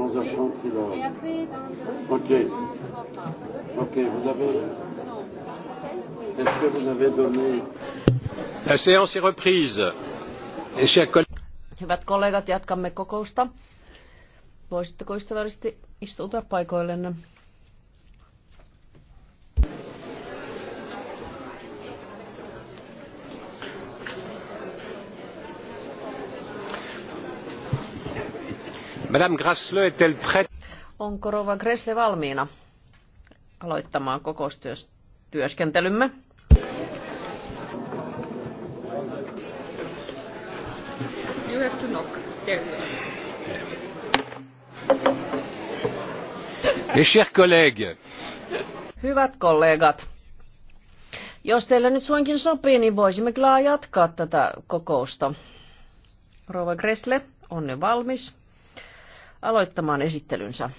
11h30 qu'il a. Ok. Ok, vous avez. Est-ce que vous avez donné. La séance est reprise. Et chers collègues... Hyvät kollegat, jatkamme kokousta. Voisitteko ystävällisesti istuutua paikoillenne? Onko rouva Gressle valmiina aloittamaan kokoustyöskentelymme? You have to knock. Mes chers collègues. Hyvät kollegat, jos teille nyt suinkin sopii, niin voisimme kyllä jatkaa tätä kokousta. Rova Gressle, on ne valmis aloittamaan esittelynsä.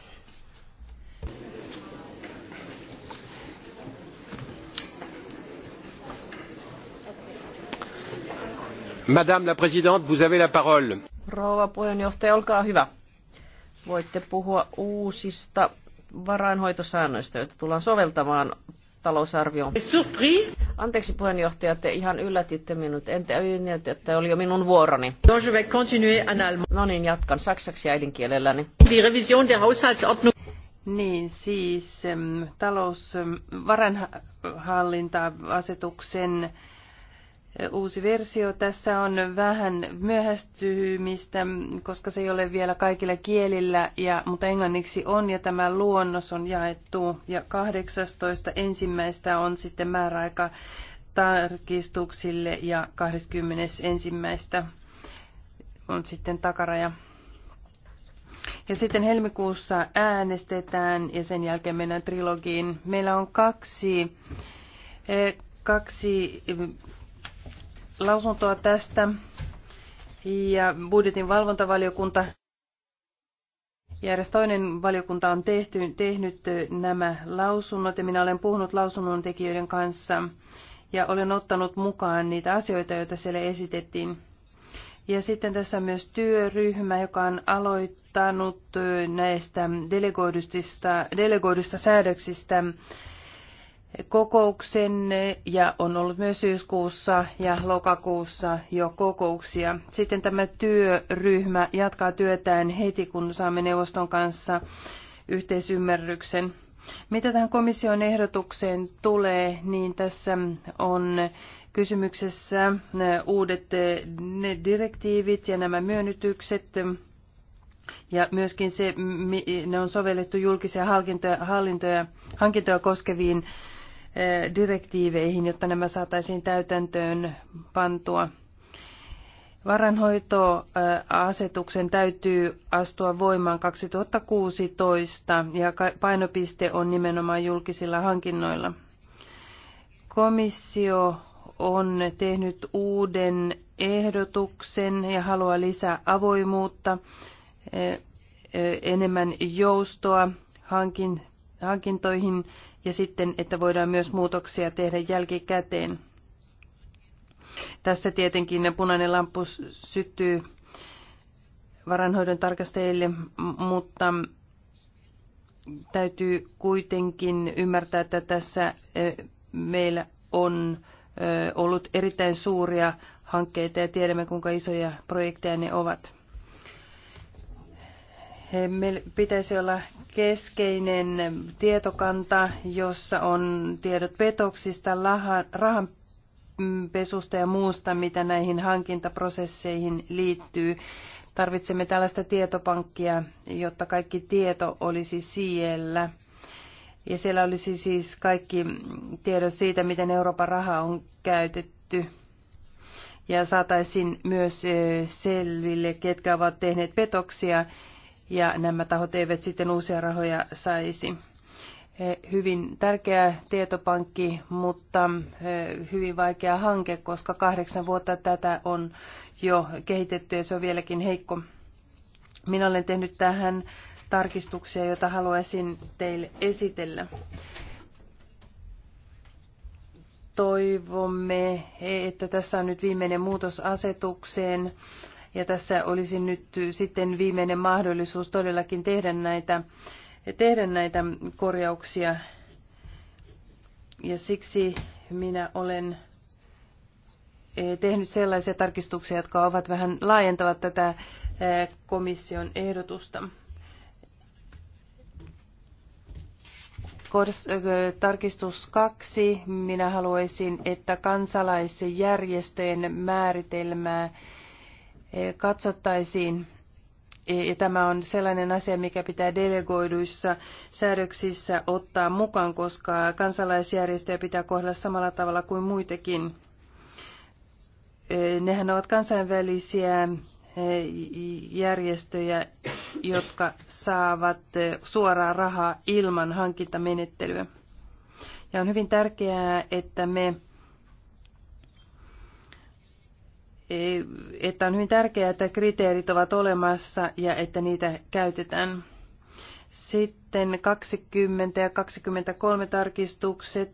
Madame la présidente, vous avez la parole. Rouva puheenjohtaja, olkaa hyvä. Voitte puhua uusista varainhoitosäännöistä, joita tullaan soveltamaan talousarvioon. Anteeksi puheenjohtaja, te ihan yllätitte minut. En tiennyt, että oli jo minun vuoroni. No niin, jatkan saksaksi äidinkielelläni. Revision Niin, siis talous, asetuksen uusi versio. Tässä on vähän myöhästymistä, koska se ei ole vielä kaikilla kielillä, ja, mutta englanniksi on, ja tämä luonnos on jaettu. Ja 18. ensimmäistä on sitten määräaika tarkistuksille, ja 21. on sitten takaraja. Ja sitten helmikuussa äänestetään ja sen jälkeen mennään trilogiin. Meillä on kaksi, eh, kaksi lausuntoa tästä ja budjetin valvontavaliokunta ja edes toinen valiokunta on tehty, tehnyt nämä lausunnot ja minä olen puhunut lausunnon tekijöiden kanssa ja olen ottanut mukaan niitä asioita, joita siellä esitettiin. Ja sitten tässä on myös työryhmä, joka on aloittanut näistä delegoidusta säädöksistä kokouksen ja on ollut myös syyskuussa ja lokakuussa jo kokouksia. Sitten tämä työryhmä jatkaa työtään heti, kun saamme neuvoston kanssa yhteisymmärryksen. Mitä tähän komission ehdotukseen tulee, niin tässä on kysymyksessä uudet direktiivit ja nämä myönnytykset. Ja myöskin se, ne on sovellettu julkisia hankintoja, hankintoja koskeviin Eh, direktiiveihin, jotta nämä saataisiin täytäntöön pantua. Varanhoitoasetuksen täytyy astua voimaan 2016 ja painopiste on nimenomaan julkisilla hankinnoilla. Komissio on tehnyt uuden ehdotuksen ja haluaa lisää avoimuutta, eh, eh, enemmän joustoa hankintoihin ja sitten, että voidaan myös muutoksia tehdä jälkikäteen. Tässä tietenkin punainen lamppu syttyy varanhoidon tarkastajille, mutta täytyy kuitenkin ymmärtää, että tässä meillä on ollut erittäin suuria hankkeita ja tiedämme, kuinka isoja projekteja ne ovat. Meillä pitäisi olla keskeinen tietokanta, jossa on tiedot petoksista, rahanpesusta ja muusta, mitä näihin hankintaprosesseihin liittyy. Tarvitsemme tällaista tietopankkia, jotta kaikki tieto olisi siellä. Ja siellä olisi siis kaikki tiedot siitä, miten Euroopan raha on käytetty. Ja saataisiin myös selville, ketkä ovat tehneet petoksia ja nämä tahot eivät sitten uusia rahoja saisi. Eh, hyvin tärkeä tietopankki, mutta eh, hyvin vaikea hanke, koska kahdeksan vuotta tätä on jo kehitetty ja se on vieläkin heikko. Minä olen tehnyt tähän tarkistuksia, joita haluaisin teille esitellä. Toivomme, eh, että tässä on nyt viimeinen muutos asetukseen ja tässä olisi nyt sitten viimeinen mahdollisuus todellakin tehdä näitä, tehdä näitä korjauksia. Ja siksi minä olen eh, tehnyt sellaisia tarkistuksia, jotka ovat vähän laajentavat tätä eh, komission ehdotusta. Eh, tarkistus kaksi. Minä haluaisin, että kansalaisjärjestöjen määritelmää Eh, katsottaisiin. E, ja tämä on sellainen asia, mikä pitää delegoiduissa säädöksissä ottaa mukaan, koska kansalaisjärjestöjä pitää kohdella samalla tavalla kuin muitakin. E, nehän ovat kansainvälisiä e, järjestöjä, jotka saavat suoraa rahaa ilman hankintamenettelyä. Ja on hyvin tärkeää, että me että on hyvin tärkeää, että kriteerit ovat olemassa ja että niitä käytetään. Sitten 20 ja 23 tarkistukset.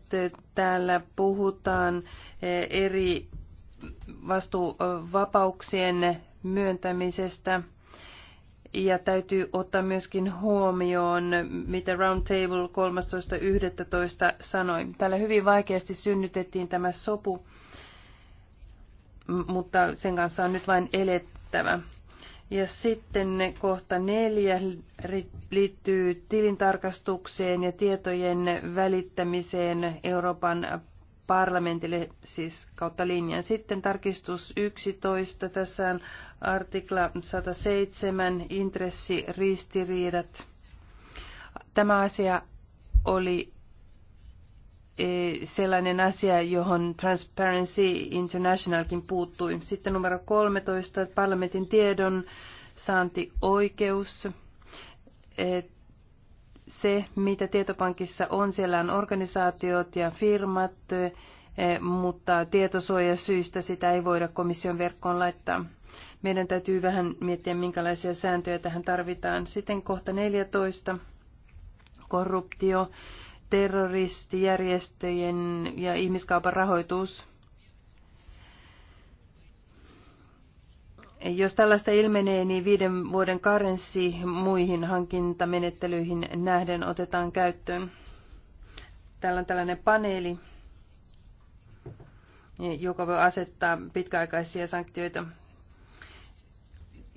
Täällä puhutaan eh, eri vastuuvapauksien myöntämisestä. Ja täytyy ottaa myöskin huomioon, mitä Roundtable 13.11. sanoi. Täällä hyvin vaikeasti synnytettiin tämä sopu mutta sen kanssa on nyt vain elettävä. Ja sitten kohta neljä liittyy tilintarkastukseen ja tietojen välittämiseen Euroopan parlamentille siis kautta linjan. Sitten tarkistus 11, tässä on artikla 107, intressiristiriidat. Tämä asia oli sellainen asia, johon Transparency Internationalkin puuttui. Sitten numero 13, parlamentin tiedon saantioikeus. Se, mitä tietopankissa on, siellä on organisaatiot ja firmat, e, mutta tietosuojasyistä sitä ei voida komission verkkoon laittaa. Meidän täytyy vähän miettiä, minkälaisia sääntöjä tähän tarvitaan. Sitten kohta 14, korruptio terroristijärjestöjen ja ihmiskaupan rahoitus. Jos tällaista ilmenee, niin viiden vuoden karenssi muihin hankintamenettelyihin nähden otetaan käyttöön. Täällä on tällainen paneeli, joka voi asettaa pitkäaikaisia sanktioita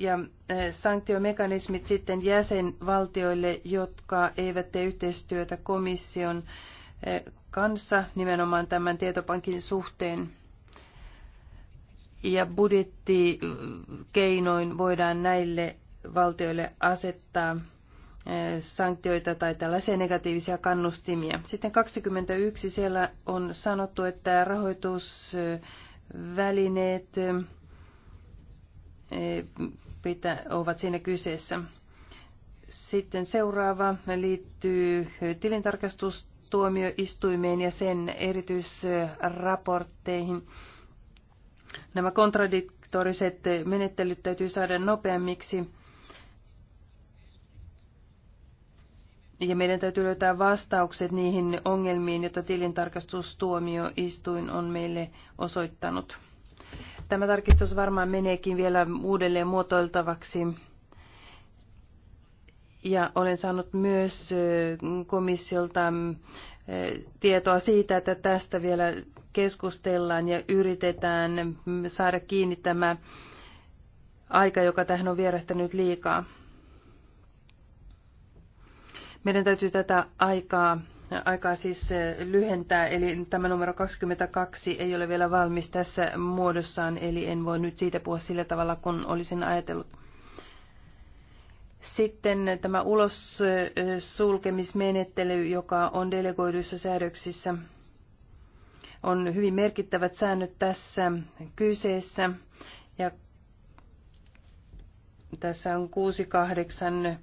ja e, sanktiomekanismit sitten jäsenvaltioille, jotka eivät tee yhteistyötä komission e, kanssa nimenomaan tämän tietopankin suhteen. Ja budjettikeinoin voidaan näille valtioille asettaa e, sanktioita tai tällaisia negatiivisia kannustimia. Sitten 21 siellä on sanottu, että rahoitusvälineet pitä, ovat siinä kyseessä. Sitten seuraava liittyy tilintarkastustuomioistuimeen ja sen erityisraportteihin. Nämä kontradiktoriset menettelyt täytyy saada nopeammiksi. Ja meidän täytyy löytää vastaukset niihin ongelmiin, joita tilintarkastustuomioistuin on meille osoittanut. Tämä tarkistus varmaan meneekin vielä uudelleen muotoiltavaksi. Ja olen saanut myös komissiolta tietoa siitä, että tästä vielä keskustellaan ja yritetään saada kiinni tämä aika, joka tähän on vierähtänyt liikaa. Meidän täytyy tätä aikaa aikaa siis eh, lyhentää, eli tämä numero 22 ei ole vielä valmis tässä muodossaan, eli en voi nyt siitä puhua sillä tavalla, kun olisin ajatellut. Sitten tämä ulos eh, sulkemismenettely, joka on delegoiduissa säädöksissä, on hyvin merkittävät säännöt tässä kyseessä. Ja tässä on 68.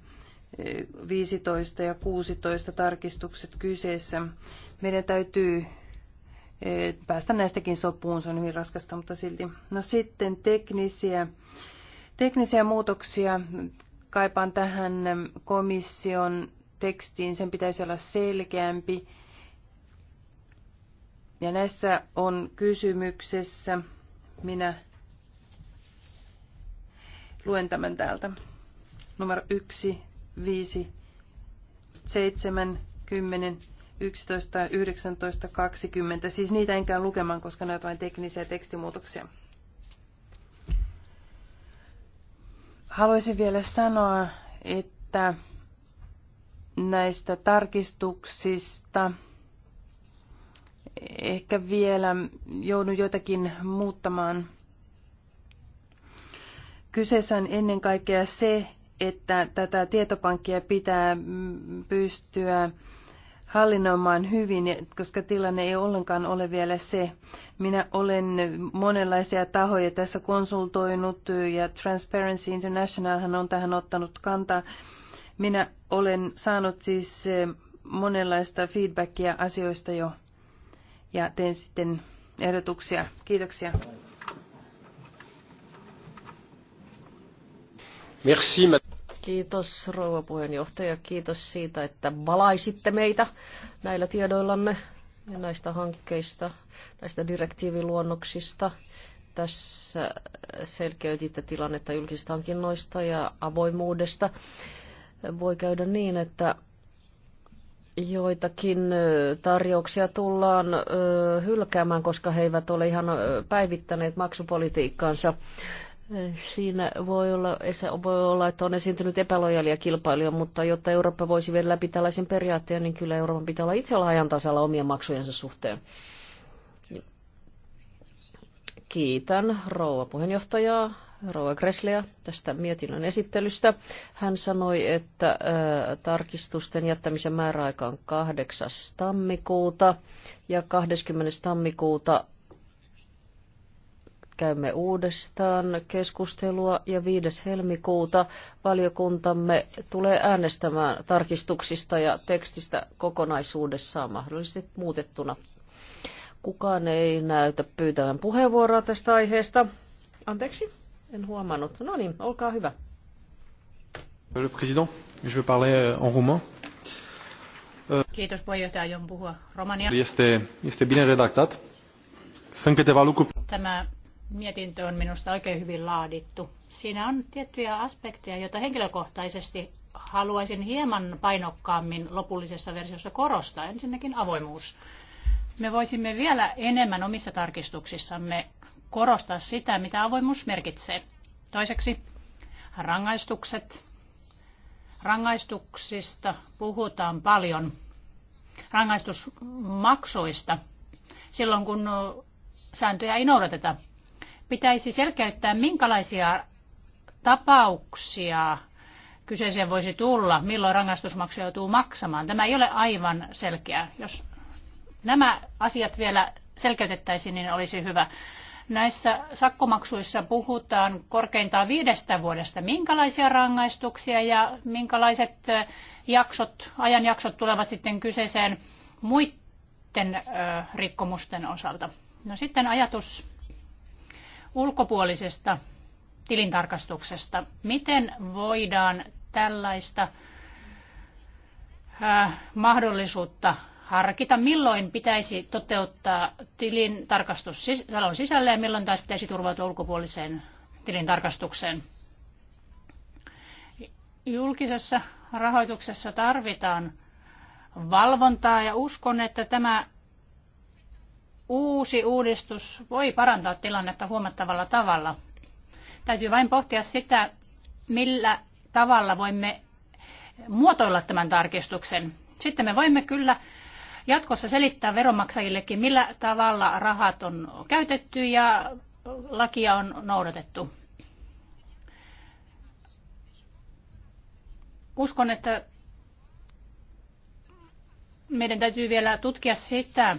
15 ja 16 tarkistukset kyseessä. Meidän täytyy e, päästä näistäkin sopuun, se on hyvin raskasta, mutta silti. No sitten teknisiä, teknisiä muutoksia. Kaipaan tähän komission tekstiin, sen pitäisi olla selkeämpi. Ja näissä on kysymyksessä, minä luen tämän täältä. Numero yksi, 5, 7, 10, 11, 19, 20. Siis niitä enkä lukemaan, koska ne ovat vain teknisiä tekstimuutoksia. Haluaisin vielä sanoa, että näistä tarkistuksista ehkä vielä joudun jotakin muuttamaan. Kyseessä on ennen kaikkea se, että tätä tietopankkia pitää mm, pystyä hallinnoimaan hyvin, koska tilanne ei ollenkaan ole vielä se. Minä olen monenlaisia tahoja tässä konsultoinut ja Transparency International on tähän ottanut kantaa. Minä olen saanut siis eh, monenlaista feedbackia asioista jo ja teen sitten ehdotuksia. Kiitoksia. Merci. Kiitos rouva puheenjohtaja, kiitos siitä, että valaisitte meitä näillä tiedoillanne ja näistä hankkeista, näistä direktiiviluonnoksista. Tässä selkeytitte tilannetta julkisista hankinnoista ja avoimuudesta. Voi käydä niin, että joitakin tarjouksia tullaan hylkäämään, koska he eivät ole ihan päivittäneet maksupolitiikkaansa. Siinä voi olla, voi olla, että on esiintynyt epälojalia kilpailuja, mutta jotta Eurooppa voisi vielä läpi tällaisen periaatteen, niin kyllä Euroopan pitää olla itse olla ajan tasalla omien maksujensa suhteen. Kiitän rouva puheenjohtajaa, rouva Gresleä tästä mietinnön esittelystä. Hän sanoi, että ä, äh, tarkistusten jättämisen määräaika on 8. tammikuuta ja 20. tammikuuta käymme uudestaan keskustelua ja 5. helmikuuta valiokuntamme tulee äänestämään tarkistuksista ja tekstistä kokonaisuudessaan mahdollisesti muutettuna. Kukaan ei näytä pyytävän puheenvuoroa tästä aiheesta. Anteeksi, en huomannut. No niin, olkaa hyvä. Le président, je parler euh, en roumain. Euh, Kiitos puheenjohtaja, aion puhua romania. Este, este bine redactat. Sunt câteva lucruri. Tämä Mietintö on minusta oikein hyvin laadittu. Siinä on tiettyjä aspekteja, joita henkilökohtaisesti haluaisin hieman painokkaammin lopullisessa versiossa korostaa. Ensinnäkin avoimuus. Me voisimme vielä enemmän omissa tarkistuksissamme korostaa sitä, mitä avoimuus merkitsee. Toiseksi rangaistukset. Rangaistuksista puhutaan paljon. Rangaistusmaksuista silloin, kun sääntöjä ei noudateta pitäisi selkeyttää, minkälaisia tapauksia kyseeseen voisi tulla, milloin rangaistusmaksu joutuu maksamaan. Tämä ei ole aivan selkeä. Jos nämä asiat vielä selkeytettäisiin, niin olisi hyvä. Näissä sakkomaksuissa puhutaan korkeintaan viidestä vuodesta. Minkälaisia rangaistuksia ja minkälaiset jaksot, ajanjaksot tulevat sitten kyseeseen muiden rikkomusten osalta? No sitten ajatus ulkopuolisesta tilintarkastuksesta. Miten voidaan tällaista äh, mahdollisuutta harkita, milloin pitäisi toteuttaa tilintarkastus talon sisällä ja milloin taas pitäisi turvautua ulkopuoliseen tilintarkastukseen. Julkisessa rahoituksessa tarvitaan valvontaa ja uskon, että tämä uusi uudistus voi parantaa tilannetta huomattavalla tavalla. Täytyy vain pohtia sitä, millä tavalla voimme muotoilla tämän tarkistuksen. Sitten me voimme kyllä jatkossa selittää veronmaksajillekin, millä tavalla rahat on käytetty ja lakia on noudatettu. Uskon, että meidän täytyy vielä tutkia sitä,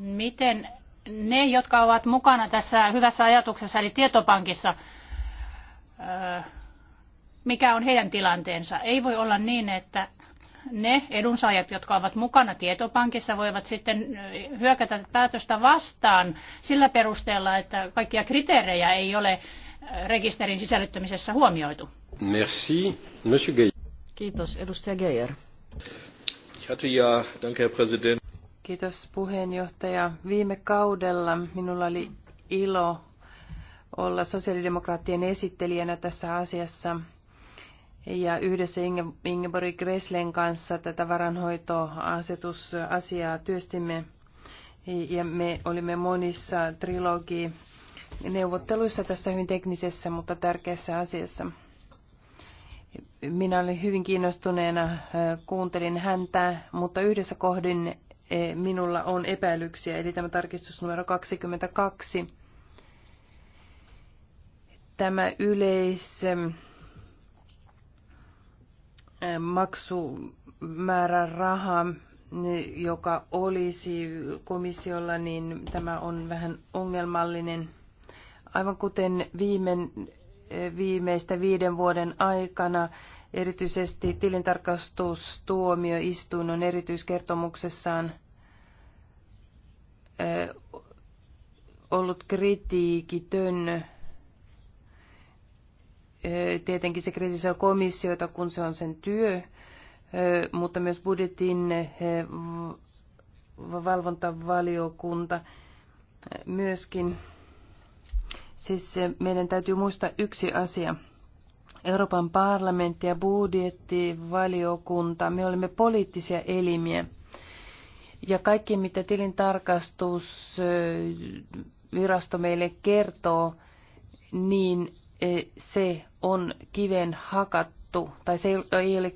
miten ne, jotka ovat mukana tässä hyvässä ajatuksessa, eli tietopankissa, mikä on heidän tilanteensa. Ei voi olla niin, että ne edunsaajat, jotka ovat mukana tietopankissa, voivat sitten hyökätä päätöstä vastaan sillä perusteella, että kaikkia kriteerejä ei ole rekisterin sisällyttämisessä huomioitu. Merci, Monsieur Kiitos, edustaja Geijer. ja, danke Kiitos puheenjohtaja. Viime kaudella minulla oli ilo olla sosiaalidemokraattien esittelijänä tässä asiassa. Ja yhdessä Inge- Ingeborg Greslen kanssa tätä varanhoitoasetusasiaa työstimme. Ja me olimme monissa trilogi neuvotteluissa tässä hyvin teknisessä, mutta tärkeässä asiassa. Minä olin hyvin kiinnostuneena, kuuntelin häntä, mutta yhdessä kohdin minulla on epäilyksiä, eli tämä tarkistus numero 22. Tämä yleis ähm, niin, joka olisi komissiolla, niin tämä on vähän ongelmallinen. Aivan kuten viime, äh, viimeistä viiden vuoden aikana Erityisesti tilintarkastustuomioistuin on erityiskertomuksessaan ollut kritiikitön. Tietenkin se kritisoi komissiota, kun se on sen työ, mutta myös budjetin valvontavaliokunta myöskin. Siis meidän täytyy muistaa yksi asia – Euroopan parlamentti ja budjettivaliokunta, me olemme poliittisia elimiä. Ja kaikki, mitä tilintarkastusvirasto meille kertoo, niin e, se on kiven hakattu, tai se ei ole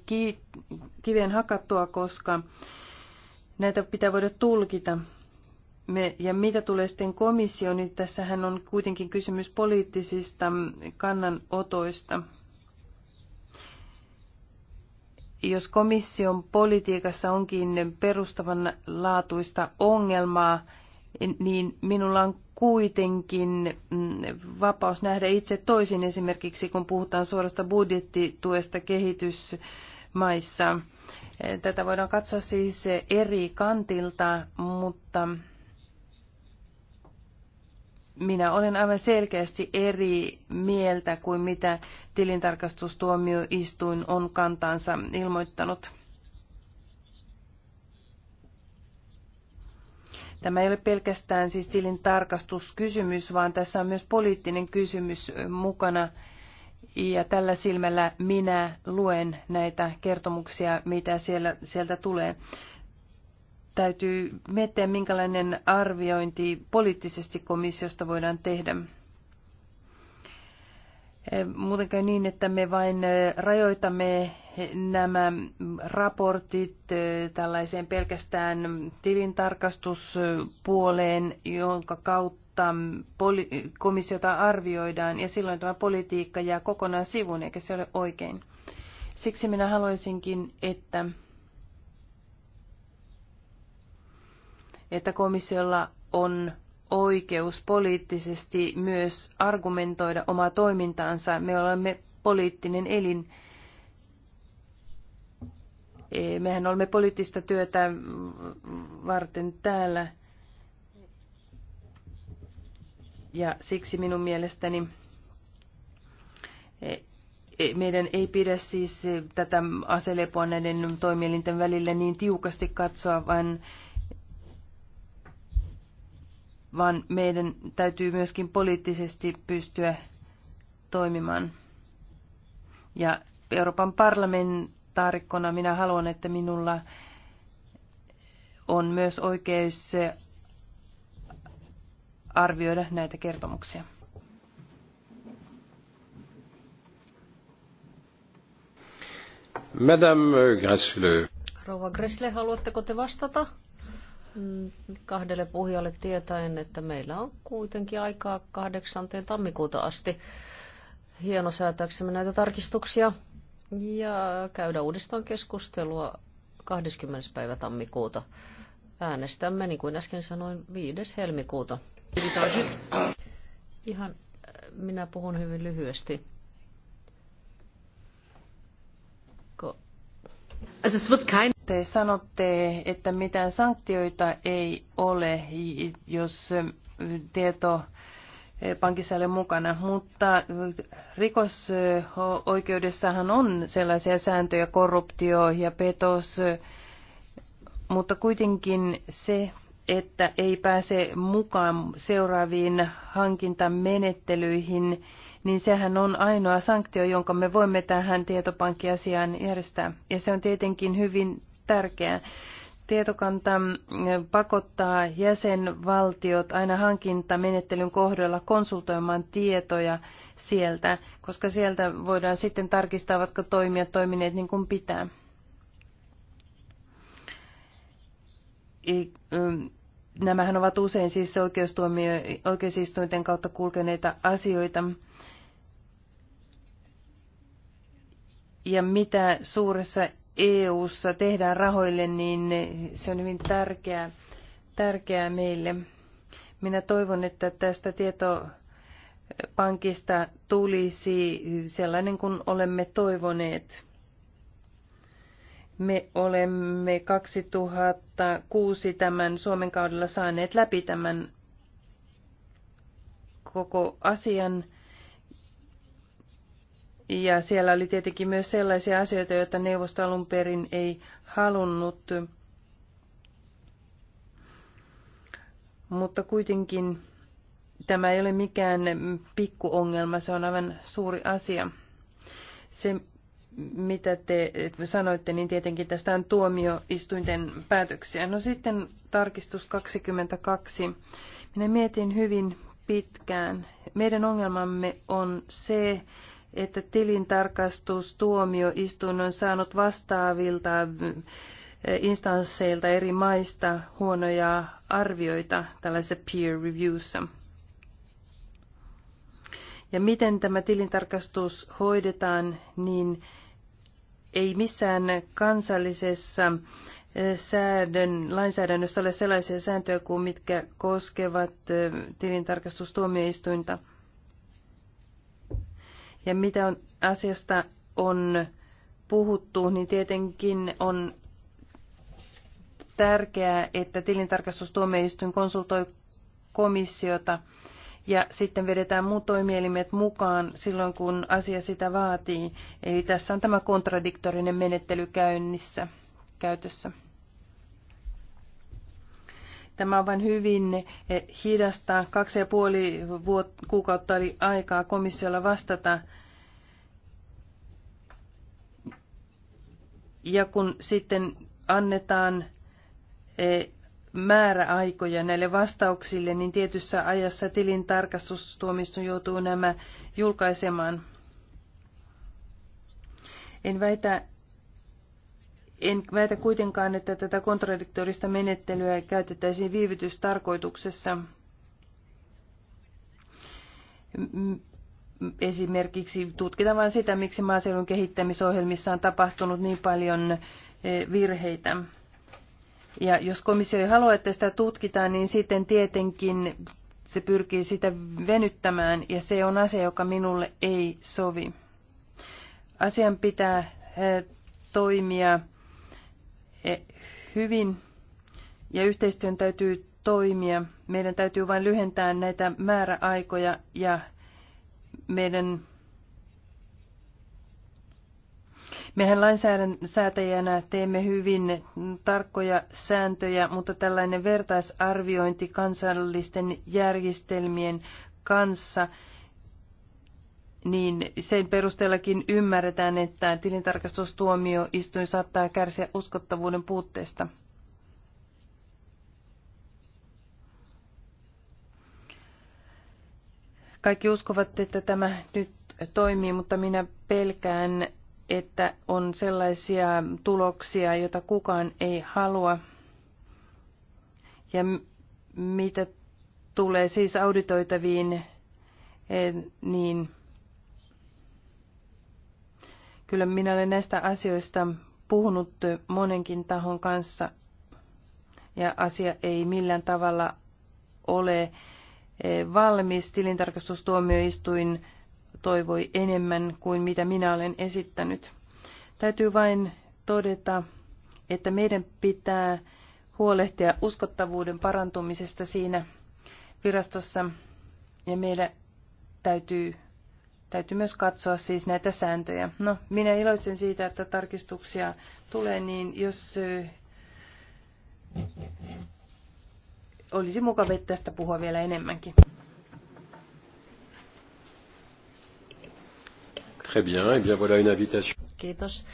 kiven hakattua, koska näitä pitää voida tulkita. Me, ja mitä tulee sitten komissioon, niin tässähän on kuitenkin kysymys poliittisista kannanotoista. jos komission politiikassa onkin perustavanlaatuista ongelmaa, niin minulla on kuitenkin mm, vapaus nähdä itse toisin esimerkiksi, kun puhutaan suorasta budjettituesta kehitysmaissa. Tätä voidaan katsoa siis eri kantilta, mutta minä olen aivan selkeästi eri mieltä kuin mitä tilintarkastustuomioistuin on kantansa ilmoittanut. Tämä ei ole pelkästään siis tilintarkastuskysymys, vaan tässä on myös poliittinen kysymys mukana. Ja tällä silmällä minä luen näitä kertomuksia, mitä siellä, sieltä tulee täytyy miettiä, minkälainen arviointi poliittisesti komissiosta voidaan tehdä. Eh, muuten käy niin, että me vain eh, rajoitamme nämä raportit eh, tällaiseen pelkästään tilintarkastuspuoleen, jonka kautta komissiota arvioidaan, ja silloin tämä politiikka jää kokonaan sivuun, eikä se ole oikein. Siksi minä haluaisinkin, että että komissiolla on oikeus poliittisesti myös argumentoida omaa toimintaansa. Me olemme poliittinen elin. E, mehän olemme poliittista työtä varten täällä. Ja siksi minun mielestäni e, e, meidän ei pidä siis tätä aselepoa näiden toimielinten välillä niin tiukasti katsoa, vaan vaan meidän täytyy myöskin poliittisesti pystyä toimimaan. Ja Euroopan parlamentaarikkona minä haluan, että minulla on myös oikeus arvioida näitä kertomuksia. Madame Gressle. Rouva Gressle, haluatteko te vastata? kahdelle puhujalle tietäen, että meillä on kuitenkin aikaa 8. tammikuuta asti hieno säätääksemme näitä tarkistuksia ja käydä uudestaan keskustelua 20. päivä tammikuuta. Äänestämme, niin kuin äsken sanoin, 5. helmikuuta. Ihan äh, minä puhun hyvin lyhyesti. Also es wird kein te sanotte, että mitään sanktioita ei ole, jos tieto pankissa ole mukana, mutta rikosoikeudessahan on sellaisia sääntöjä, korruptio ja petos, mutta kuitenkin se, että ei pääse mukaan seuraaviin hankintamenettelyihin, niin sehän on ainoa sanktio, jonka me voimme tähän tietopankkiasiaan järjestää. Ja se on tietenkin hyvin tärkeää. Tietokanta pakottaa jäsenvaltiot aina hankintamenettelyn kohdalla konsultoimaan tietoja sieltä, koska sieltä voidaan sitten tarkistaa, ovatko toimijat toimineet niin kuin pitää. Mm, nämähän ovat usein siis oikeusistuinten kautta kulkeneita asioita. Ja mitä suuressa EU:ssa tehdään rahoille, niin se on hyvin tärkeää, tärkeää meille. Minä toivon, että tästä tietopankista tulisi sellainen kuin olemme toivoneet. Me olemme 2006 tämän Suomen kaudella saaneet läpi tämän koko asian ja siellä oli tietenkin myös sellaisia asioita, joita neuvosto alun perin ei halunnut. Mutta kuitenkin tämä ei ole mikään pikkuongelma, se on aivan suuri asia. Se, mitä te sanoitte, niin tietenkin tästä on tuomioistuinten päätöksiä. No sitten tarkistus 22. Minä mietin hyvin pitkään. Meidän ongelmamme on se, että tilintarkastustuomioistuin on saanut vastaavilta äh, instansseilta eri maista huonoja arvioita tällaisessa peer reviewssa. Ja miten tämä tilintarkastus hoidetaan, niin ei missään kansallisessa äh, säädön, lainsäädännössä ole sellaisia sääntöjä kuin mitkä koskevat äh, tilintarkastustuomioistuinta – ja mitä on, asiasta on puhuttu, niin tietenkin on tärkeää, että tilintarkastustuomioistuin konsultoi komissiota ja sitten vedetään muut toimielimet mukaan silloin, kun asia sitä vaatii. Eli tässä on tämä kontradiktorinen menettely käynnissä, käytössä. Tämä on vain hyvin eh, hidasta. Kaksi ja puoli vuot- kuukautta oli aikaa komissiolla vastata. Ja kun sitten annetaan eh, määräaikoja näille vastauksille, niin tietyssä ajassa tilintarkastustuomistun joutuu nämä julkaisemaan. En väitä, en väitä kuitenkaan, että tätä kontradiktorista menettelyä käytettäisiin viivytystarkoituksessa. Esimerkiksi tutkitaan vain sitä, miksi maaseudun kehittämisohjelmissa on tapahtunut niin paljon e, virheitä. Ja jos komissio ei halua, että sitä tutkitaan, niin sitten tietenkin se pyrkii sitä venyttämään, ja se on asia, joka minulle ei sovi. Asian pitää e, toimia E, hyvin ja yhteistyön täytyy toimia. Meidän täytyy vain lyhentää näitä määräaikoja ja meidän Mehän lainsäätäjänä teemme hyvin tarkkoja sääntöjä, mutta tällainen vertaisarviointi kansallisten järjestelmien kanssa niin sen perusteellakin ymmärretään, että tilintarkastustuomioistuin saattaa kärsiä uskottavuuden puutteesta. Kaikki uskovat, että tämä nyt toimii, mutta minä pelkään, että on sellaisia tuloksia, joita kukaan ei halua. Ja mitä tulee siis auditoitaviin, eh, niin Kyllä minä olen näistä asioista puhunut monenkin tahon kanssa ja asia ei millään tavalla ole e, valmis. Tilintarkastustuomioistuin toivoi enemmän kuin mitä minä olen esittänyt. Täytyy vain todeta, että meidän pitää huolehtia uskottavuuden parantumisesta siinä virastossa ja meidän täytyy Täytyy myös katsoa siis näitä sääntöjä. No, minä iloitsen siitä, että tarkistuksia tulee, niin jos olisi mukava tästä puhua vielä enemmänkin. Très bien, eh bien voilà une invitation. Kiitos.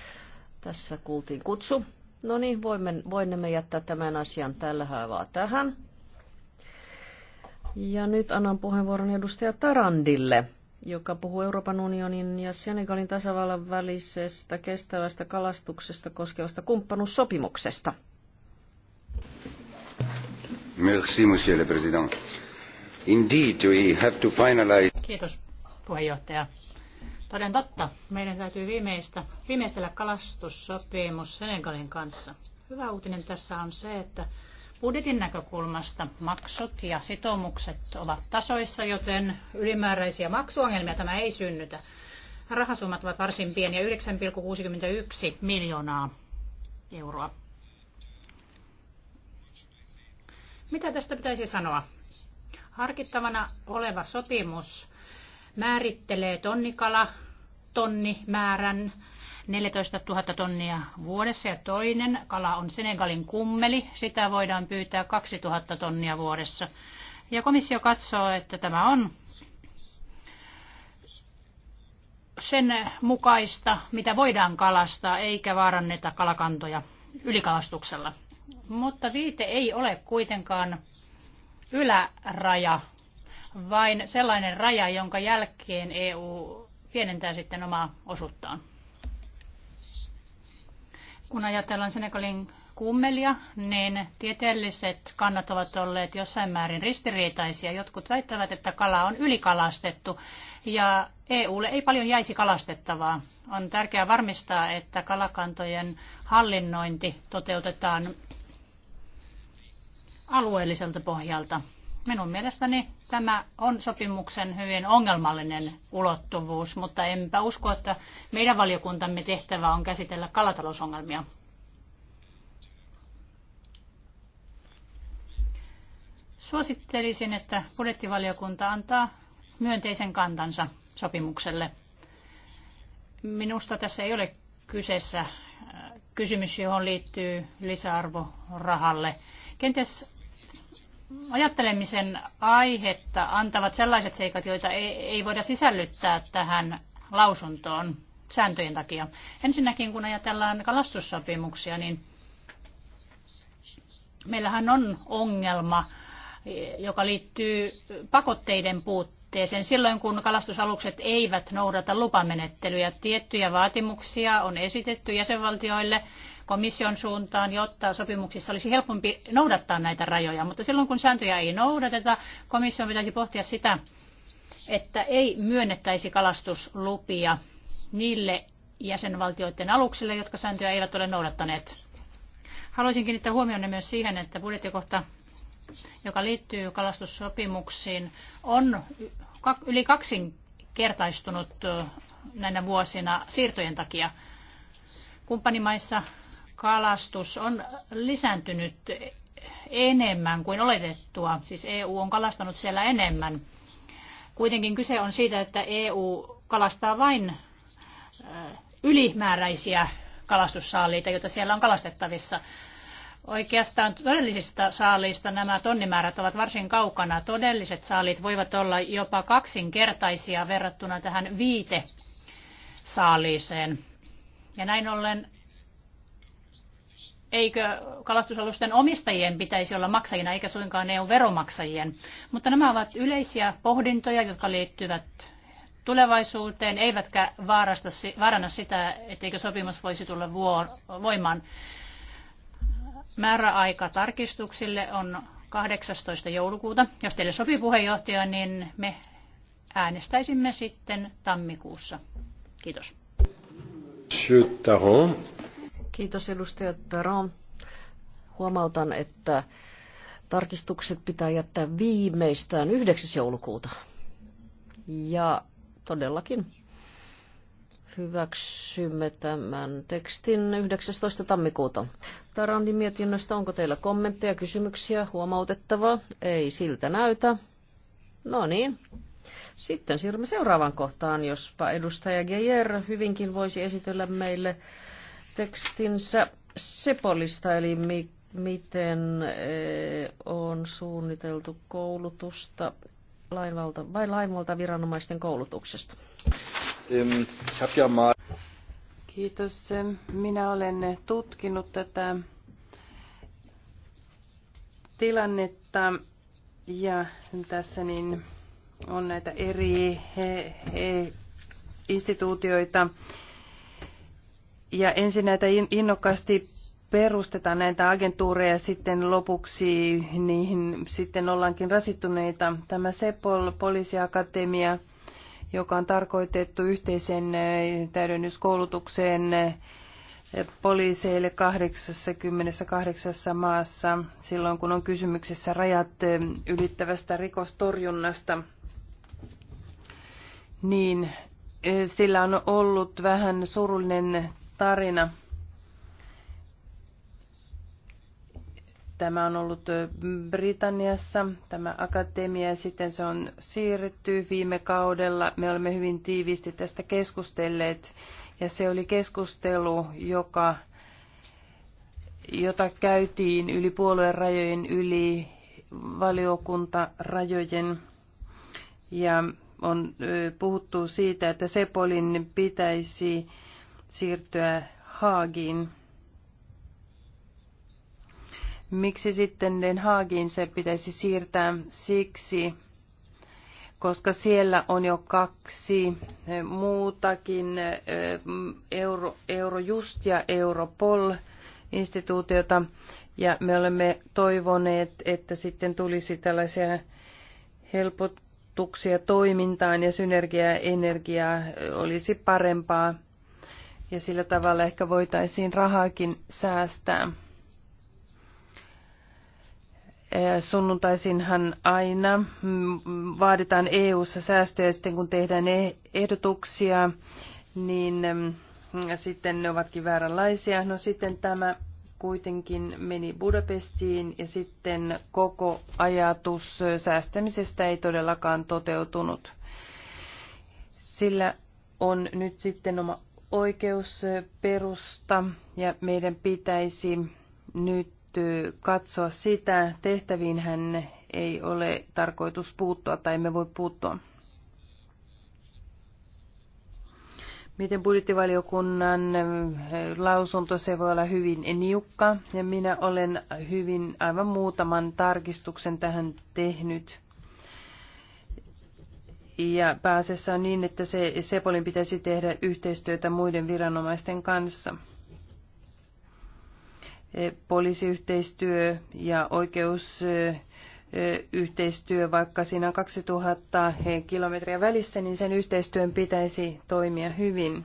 Tässä kuultiin kutsu. No niin, voimme, voimme jättää tämän asian tällä haavaa tähän. Ja nyt annan puheenvuoron edustaja Tarandille joka puhuu Euroopan unionin ja Senegalin tasavallan välisestä kestävästä kalastuksesta koskevasta kumppanuussopimuksesta. Merci, monsieur le président. Indeed, we have to finalize... Kiitos, puheenjohtaja. Toden totta, meidän täytyy viimeistä, viimeistellä kalastussopimus Senegalin kanssa. Hyvä uutinen tässä on se, että Budjetin näkökulmasta maksut ja sitoumukset ovat tasoissa, joten ylimääräisiä maksuongelmia tämä ei synnytä. Rahasummat ovat varsin pieniä, 9,61 miljoonaa euroa. Mitä tästä pitäisi sanoa? Harkittavana oleva sopimus määrittelee tonnikala tonnimäärän 14 000 tonnia vuodessa ja toinen kala on Senegalin kummeli. Sitä voidaan pyytää 2000 tonnia vuodessa. Ja komissio katsoo, että tämä on sen mukaista, mitä voidaan kalastaa, eikä vaaranneta kalakantoja ylikalastuksella. Mutta viite ei ole kuitenkaan yläraja, vain sellainen raja, jonka jälkeen EU pienentää sitten omaa osuuttaan. Kun ajatellaan Senegalin kummelia, niin tieteelliset kannat ovat olleet jossain määrin ristiriitaisia. Jotkut väittävät, että kala on ylikalastettu ja EUlle ei paljon jäisi kalastettavaa. On tärkeää varmistaa, että kalakantojen hallinnointi toteutetaan alueelliselta pohjalta. Minun mielestäni tämä on sopimuksen hyvin ongelmallinen ulottuvuus, mutta enpä usko, että meidän valiokuntamme tehtävä on käsitellä kalatalousongelmia. Suosittelisin, että budjettivaliokunta antaa myönteisen kantansa sopimukselle. Minusta tässä ei ole kyseessä äh, kysymys, johon liittyy lisäarvo rahalle. Kenties ajattelemisen aihetta antavat sellaiset seikat, joita ei, ei voida sisällyttää tähän lausuntoon sääntöjen takia. Ensinnäkin kun ajatellaan kalastussopimuksia, niin meillähän on ongelma, joka liittyy pakotteiden puutteeseen silloin, kun kalastusalukset eivät noudata lupamenettelyjä. Tiettyjä vaatimuksia on esitetty jäsenvaltioille komission suuntaan, jotta sopimuksissa olisi helpompi noudattaa näitä rajoja. Mutta silloin kun sääntöjä ei noudateta, komission pitäisi pohtia sitä, että ei myönnettäisi kalastuslupia niille jäsenvaltioiden aluksille, jotka sääntöjä eivät ole noudattaneet. Haluaisin kiinnittää huomionne myös siihen, että budjettikohta, joka liittyy kalastussopimuksiin, on yli kaksinkertaistunut näinä vuosina siirtojen takia. Kumppanimaissa kalastus on lisääntynyt enemmän kuin oletettua. Siis EU on kalastanut siellä enemmän. Kuitenkin kyse on siitä, että EU kalastaa vain ylimääräisiä kalastussaaliita, joita siellä on kalastettavissa. Oikeastaan todellisista saaliista nämä tonnimäärät ovat varsin kaukana. Todelliset saalit voivat olla jopa kaksinkertaisia verrattuna tähän viite saaliiseen. Ja näin ollen eikö kalastusalusten omistajien pitäisi olla maksajina eikä suinkaan EU-veromaksajien. Mutta nämä ovat yleisiä pohdintoja, jotka liittyvät tulevaisuuteen, eivätkä vaarasta, vaaranna sitä, etteikö sopimus voisi tulla voimaan. Määräaika tarkistuksille on 18. joulukuuta. Jos teille sopii puheenjohtaja, niin me äänestäisimme sitten tammikuussa. Kiitos. Monsieur Kiitos edustaja Peron. Huomautan, että tarkistukset pitää jättää viimeistään 9. joulukuuta. Ja todellakin hyväksymme tämän tekstin 19. tammikuuta. Tarandin mietinnöstä onko teillä kommentteja, kysymyksiä, huomautettavaa? Ei siltä näytä. No niin. Sitten siirrymme seuraavaan kohtaan, jospa edustaja Geijer hyvinkin voisi esitellä meille tekstinsä Sepolista, eli mi- miten eh, on suunniteltu koulutusta lainvalta, vai lainvalta viranomaisten koulutuksesta. Kiitos. Minä olen tutkinut tätä tilannetta ja tässä niin on näitä eri instituutioita, ja ensin näitä innokkaasti perustetaan näitä agentuureja ja sitten lopuksi niihin sitten ollaankin rasittuneita. Tämä Sepol poliisiakatemia, joka on tarkoitettu yhteisen äh, täydennyskoulutukseen äh, poliiseille 88 maassa silloin, kun on kysymyksessä rajat äh, ylittävästä rikostorjunnasta, niin sillä on ollut vähän surullinen tarina. Tämä on ollut Britanniassa, tämä akatemia, ja sitten se on siirretty viime kaudella. Me olemme hyvin tiiviisti tästä keskustelleet, ja se oli keskustelu, joka, jota käytiin yli puolueen rajojen, yli valiokuntarajojen. Ja on puhuttu siitä, että Sepolin pitäisi siirtyä Haagiin. Miksi sitten Den Haagiin se pitäisi siirtää? Siksi, koska siellä on jo kaksi eh, muutakin eh, Euro, Eurojust ja Europol instituutiota, ja me olemme toivoneet, että sitten tulisi tällaisia helpotuksia toimintaan ja synergiaa energiaa eh, olisi parempaa ja sillä tavalla ehkä voitaisiin rahaakin säästää. Sunnuntaisinhan aina mm, vaaditaan EU-ssa säästöjä sitten kun tehdään e- ehdotuksia, niin mm, sitten ne ovatkin vääränlaisia. No sitten tämä kuitenkin meni Budapestiin ja sitten koko ajatus säästämisestä ei todellakaan toteutunut. Sillä on nyt sitten oma oikeusperusta ja meidän pitäisi nyt katsoa sitä. Tehtäviin hän ei ole tarkoitus puuttua tai emme voi puuttua. Miten budjettivaliokunnan eh, lausunto, se voi olla hyvin niukka ja minä olen hyvin aivan muutaman tarkistuksen tähän tehnyt. Ja pääasiassa on niin, että se Sepolin pitäisi tehdä yhteistyötä muiden viranomaisten kanssa. E, poliisiyhteistyö ja oikeusyhteistyö, e, e, vaikka siinä on 2000 kilometriä välissä, niin sen yhteistyön pitäisi toimia hyvin.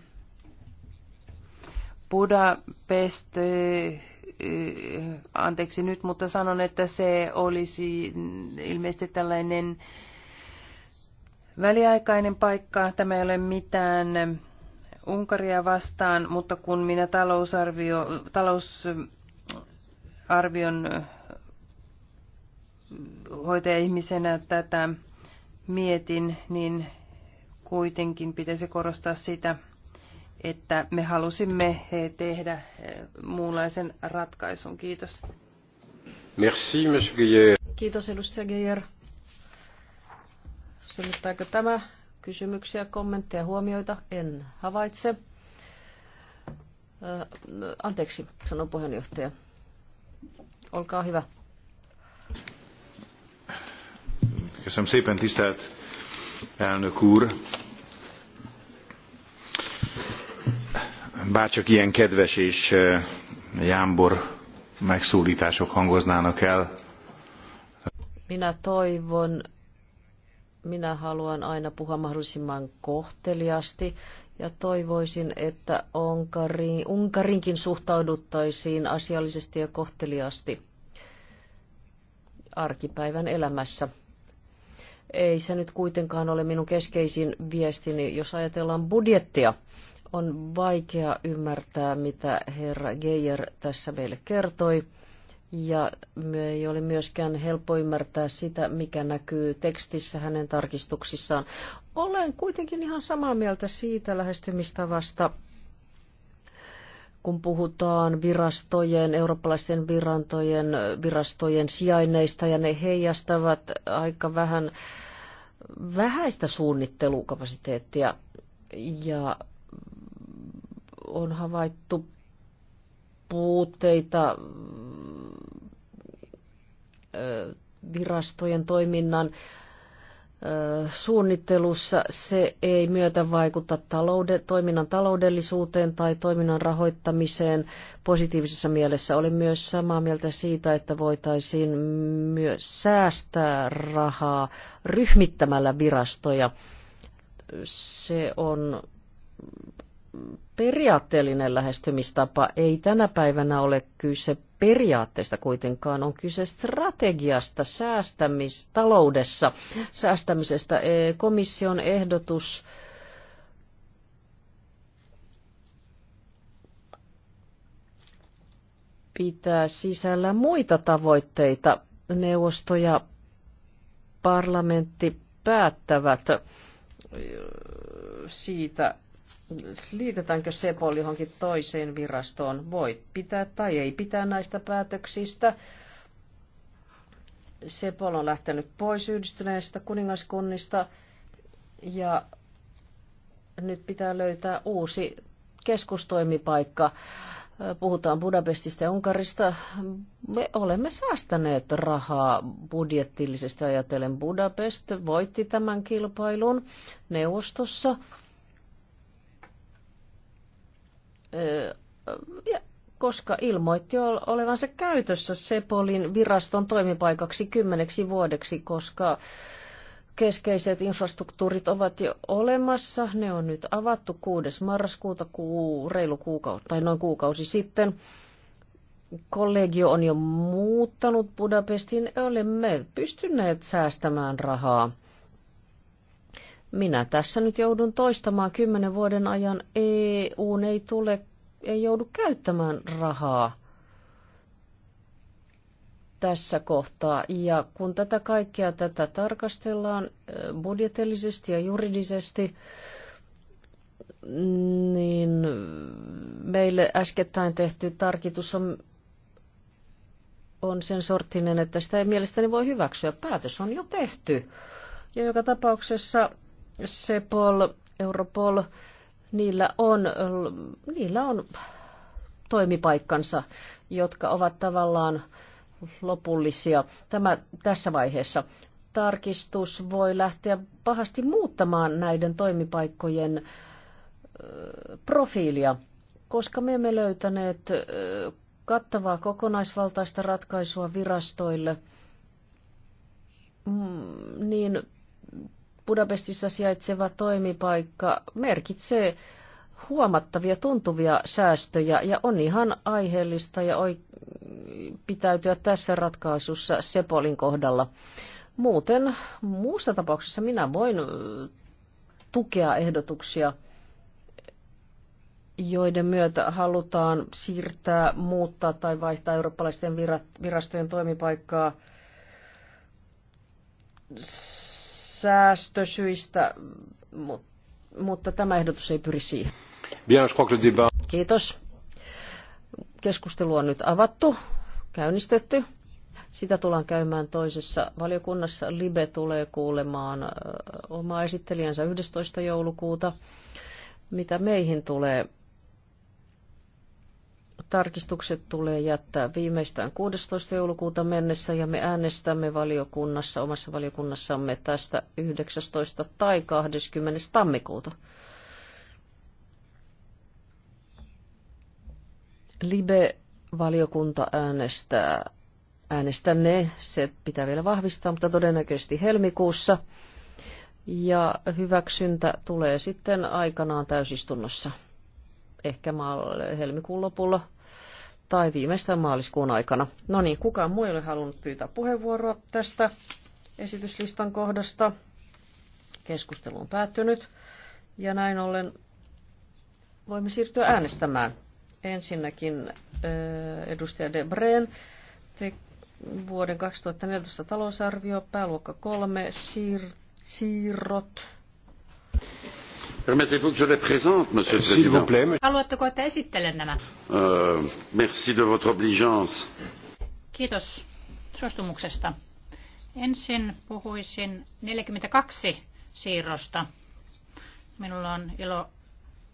Budapest, anteeksi nyt, mutta sanon, että se olisi ilmeisesti tällainen väliaikainen paikka. Tämä ei ole mitään Unkaria vastaan, mutta kun minä talousarvio, talousarvion ihmisenä tätä mietin, niin kuitenkin pitäisi korostaa sitä, että me halusimme tehdä eh, muunlaisen ratkaisun. Kiitos. Merci, Kiitos edustaja Geijer. Synnyttääkö tämä kysymyksiä, kommentteja, huomioita? En havaitse. Anteeksi, sanon puheenjohtaja. Olkaa hyvä. Köszönöm szépen, tisztelt elnök úr! Bárcsak ilyen kedves és jámbor megszólítások hangoznának el. Minä toivon, minä haluan aina puhua mahdollisimman kohteliasti ja toivoisin, että Unkari, Unkarinkin suhtauduttaisiin asiallisesti ja kohteliasti arkipäivän elämässä. Ei se nyt kuitenkaan ole minun keskeisin viestini, jos ajatellaan budjettia. On vaikea ymmärtää, mitä herra Geijer tässä meille kertoi ja ei ole myöskään helppo ymmärtää sitä, mikä näkyy tekstissä hänen tarkistuksissaan. Olen kuitenkin ihan samaa mieltä siitä lähestymistavasta, kun puhutaan virastojen, eurooppalaisten virantojen, virastojen sijainneista ja ne heijastavat aika vähän vähäistä suunnittelukapasiteettia ja on havaittu puutteita virastojen toiminnan suunnittelussa se ei myötä vaikuta taloude, toiminnan taloudellisuuteen tai toiminnan rahoittamiseen positiivisessa mielessä. oli myös samaa mieltä siitä, että voitaisiin myös säästää rahaa ryhmittämällä virastoja. Se on periaatteellinen lähestymistapa. Ei tänä päivänä ole kyse periaatteesta kuitenkaan, on kyse strategiasta säästämistaloudessa. Säästämisestä e, komission ehdotus pitää sisällä muita tavoitteita. Neuvosto ja parlamentti päättävät siitä, liitetäänkö Sepol johonkin toiseen virastoon, voi pitää tai ei pitää näistä päätöksistä. Sepol on lähtenyt pois yhdistyneestä kuningaskunnista ja nyt pitää löytää uusi keskustoimipaikka. Puhutaan Budapestista ja Unkarista. Me olemme säästäneet rahaa budjettillisesti ajatellen. Budapest voitti tämän kilpailun neuvostossa koska ilmoitti olevansa käytössä Sepolin viraston toimipaikaksi kymmeneksi vuodeksi, koska keskeiset infrastruktuurit ovat jo olemassa. Ne on nyt avattu 6. marraskuuta kuu, reilu kuukausi tai noin kuukausi sitten. Kollegio on jo muuttanut Budapestin, olemme pystyneet säästämään rahaa minä tässä nyt joudun toistamaan kymmenen vuoden ajan, EU ei tule, ei joudu käyttämään rahaa tässä kohtaa. Ja kun tätä kaikkea tätä tarkastellaan budjetellisesti ja juridisesti, niin meille äskettäin tehty tarkitus on, on sen sorttinen, että sitä ei mielestäni voi hyväksyä. Päätös on jo tehty. Ja joka tapauksessa Sepol, Europol, niillä on, niillä on toimipaikkansa, jotka ovat tavallaan lopullisia tämä, tässä vaiheessa. Tarkistus voi lähteä pahasti muuttamaan näiden toimipaikkojen profiilia, koska me emme löytäneet kattavaa kokonaisvaltaista ratkaisua virastoille, mm, niin Budapestissa sijaitseva toimipaikka merkitsee huomattavia tuntuvia säästöjä ja on ihan aiheellista ja pitäytyä tässä ratkaisussa Sepolin kohdalla. Muuten muussa tapauksessa minä voin tukea ehdotuksia, joiden myötä halutaan siirtää, muuttaa tai vaihtaa eurooppalaisten virastojen toimipaikkaa säästösyistä, mutta tämä ehdotus ei pyri siihen. Kiitos. Keskustelu on nyt avattu, käynnistetty. Sitä tullaan käymään toisessa valiokunnassa. Libe tulee kuulemaan omaa esittelijänsä 11. joulukuuta. Mitä meihin tulee, Tarkistukset tulee jättää viimeistään 16. joulukuuta mennessä ja me äänestämme valiokunnassa, omassa valiokunnassamme tästä 19. tai 20. tammikuuta. Libe-valiokunta äänestää, äänestänne, se pitää vielä vahvistaa, mutta todennäköisesti helmikuussa. Ja hyväksyntä tulee sitten aikanaan täysistunnossa, ehkä helmikuun lopulla tai viimeistään maaliskuun aikana. No niin, kukaan muu ei ole halunnut pyytää puheenvuoroa tästä esityslistan kohdasta. Keskustelu on päättynyt ja näin ollen voimme siirtyä äänestämään. Ensinnäkin äh, edustaja Debreen te vuoden 2014 talousarvio, pääluokka 3, siir- siirrot, Permettez-vous que je les présente, monsieur le président? Haluatteko, että esittelen nämä? Euh, merci de votre obligeance. Kiitos suostumuksesta. Ensin puhuisin 42 siirrosta. Minulla on ilo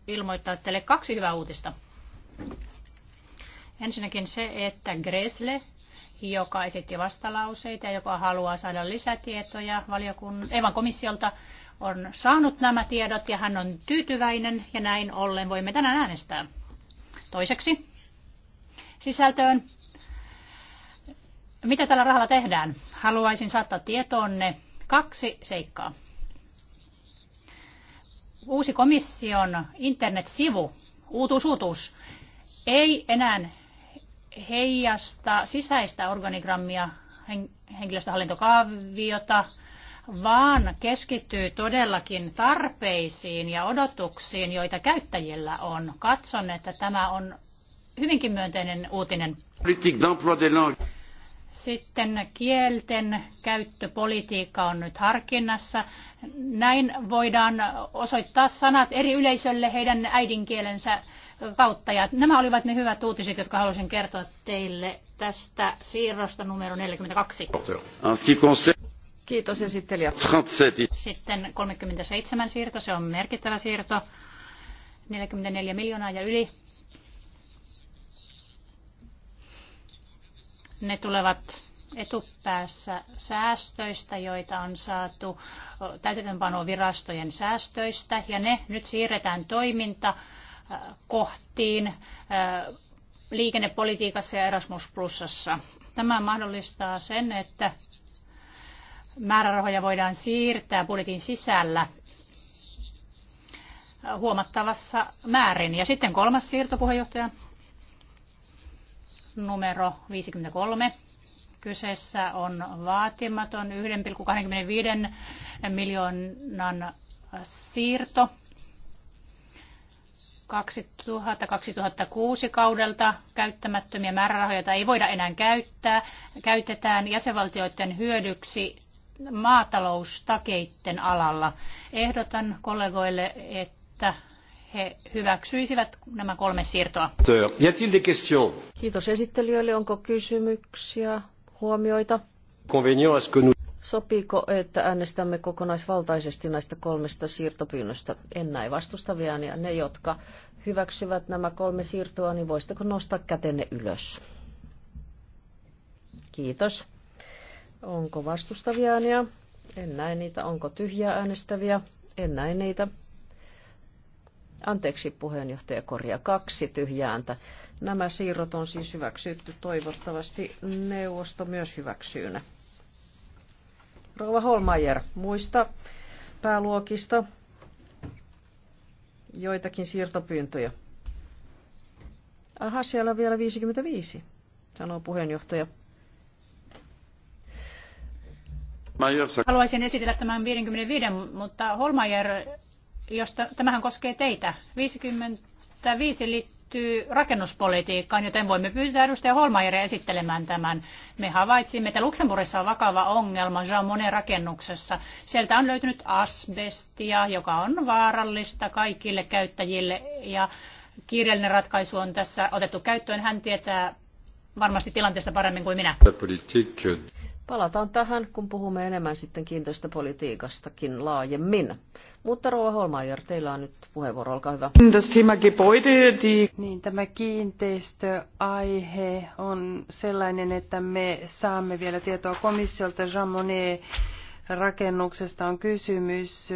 ilmoittaa teille kaksi hyvää uutista. Ensinnäkin se, että Gresle, joka esitti vastalauseita ja joka haluaa saada lisätietoja valiokunnan, Evan komissiolta, on saanut nämä tiedot ja hän on tyytyväinen ja näin ollen voimme tänään äänestää. Toiseksi sisältöön. Mitä tällä rahalla tehdään? Haluaisin saattaa tietoonne kaksi seikkaa. Uusi komission internetsivu, uutuus, uutuus, ei enää heijasta sisäistä organigrammia, henkilöstöhallintokaaviota, vaan keskittyy todellakin tarpeisiin ja odotuksiin, joita käyttäjillä on. Katson, että tämä on hyvinkin myönteinen uutinen. Sitten kielten käyttöpolitiikka on nyt harkinnassa. Näin voidaan osoittaa sanat eri yleisölle heidän äidinkielensä kautta. Ja nämä olivat ne hyvät uutiset, jotka halusin kertoa teille tästä siirrosta numero 42. Kiitos esittelijä. Sitten 37 siirto, se on merkittävä siirto. 44 miljoonaa ja yli. Ne tulevat etupäässä säästöistä, joita on saatu virastojen säästöistä, ja ne nyt siirretään toiminta äh, kohtiin äh, liikennepolitiikassa ja Erasmus Plusassa. Tämä mahdollistaa sen, että määrärahoja voidaan siirtää budjetin sisällä huomattavassa määrin. Ja sitten kolmas siirtopuheenjohtaja, numero 53. Kyseessä on vaatimaton 1,25 miljoonan siirto 2000-2006 kaudelta käyttämättömiä määrärahoja, joita ei voida enää käyttää, käytetään jäsenvaltioiden hyödyksi maataloustakeitten alalla. Ehdotan kollegoille, että he hyväksyisivät nämä kolme siirtoa. Kiitos esittelijöille. Onko kysymyksiä, huomioita? Sopiiko, että äänestämme kokonaisvaltaisesti näistä kolmesta siirtopyynnöstä? En näe vastustavia ja ne, jotka hyväksyvät nämä kolme siirtoa, niin voisitteko nostaa kätenne ylös? Kiitos. Onko vastustavia ääniä? En näe niitä. Onko tyhjää äänestäviä? En näe niitä. Anteeksi puheenjohtaja Korja, kaksi tyhjääntä. Nämä siirrot on siis hyväksytty. Toivottavasti neuvosto myös hyväksyy ne. Rova Holmeier, muista pääluokista joitakin siirtopyyntöjä. Aha, siellä on vielä 55, sanoo puheenjohtaja. Haluaisin esitellä tämän 55, mutta Holmajer, josta, tämähän koskee teitä. 55 liittyy rakennuspolitiikkaan, joten voimme pyytää edustaja Holmajeria esittelemään tämän. Me havaitsimme, että Luxemburgissa on vakava ongelma Jean Monnet rakennuksessa. Sieltä on löytynyt asbestia, joka on vaarallista kaikille käyttäjille ja kiireellinen ratkaisu on tässä otettu käyttöön. Hän tietää varmasti tilanteesta paremmin kuin minä. Palataan tähän, kun puhumme enemmän sitten kiinteistöpolitiikastakin laajemmin. Mutta Rouva Holmaier, teillä on nyt puheenvuoro, olkaa hyvä. Niin, tämä kiinteistöaihe on sellainen, että me saamme vielä tietoa komissiolta. Jean Monnet rakennuksesta on kysymys.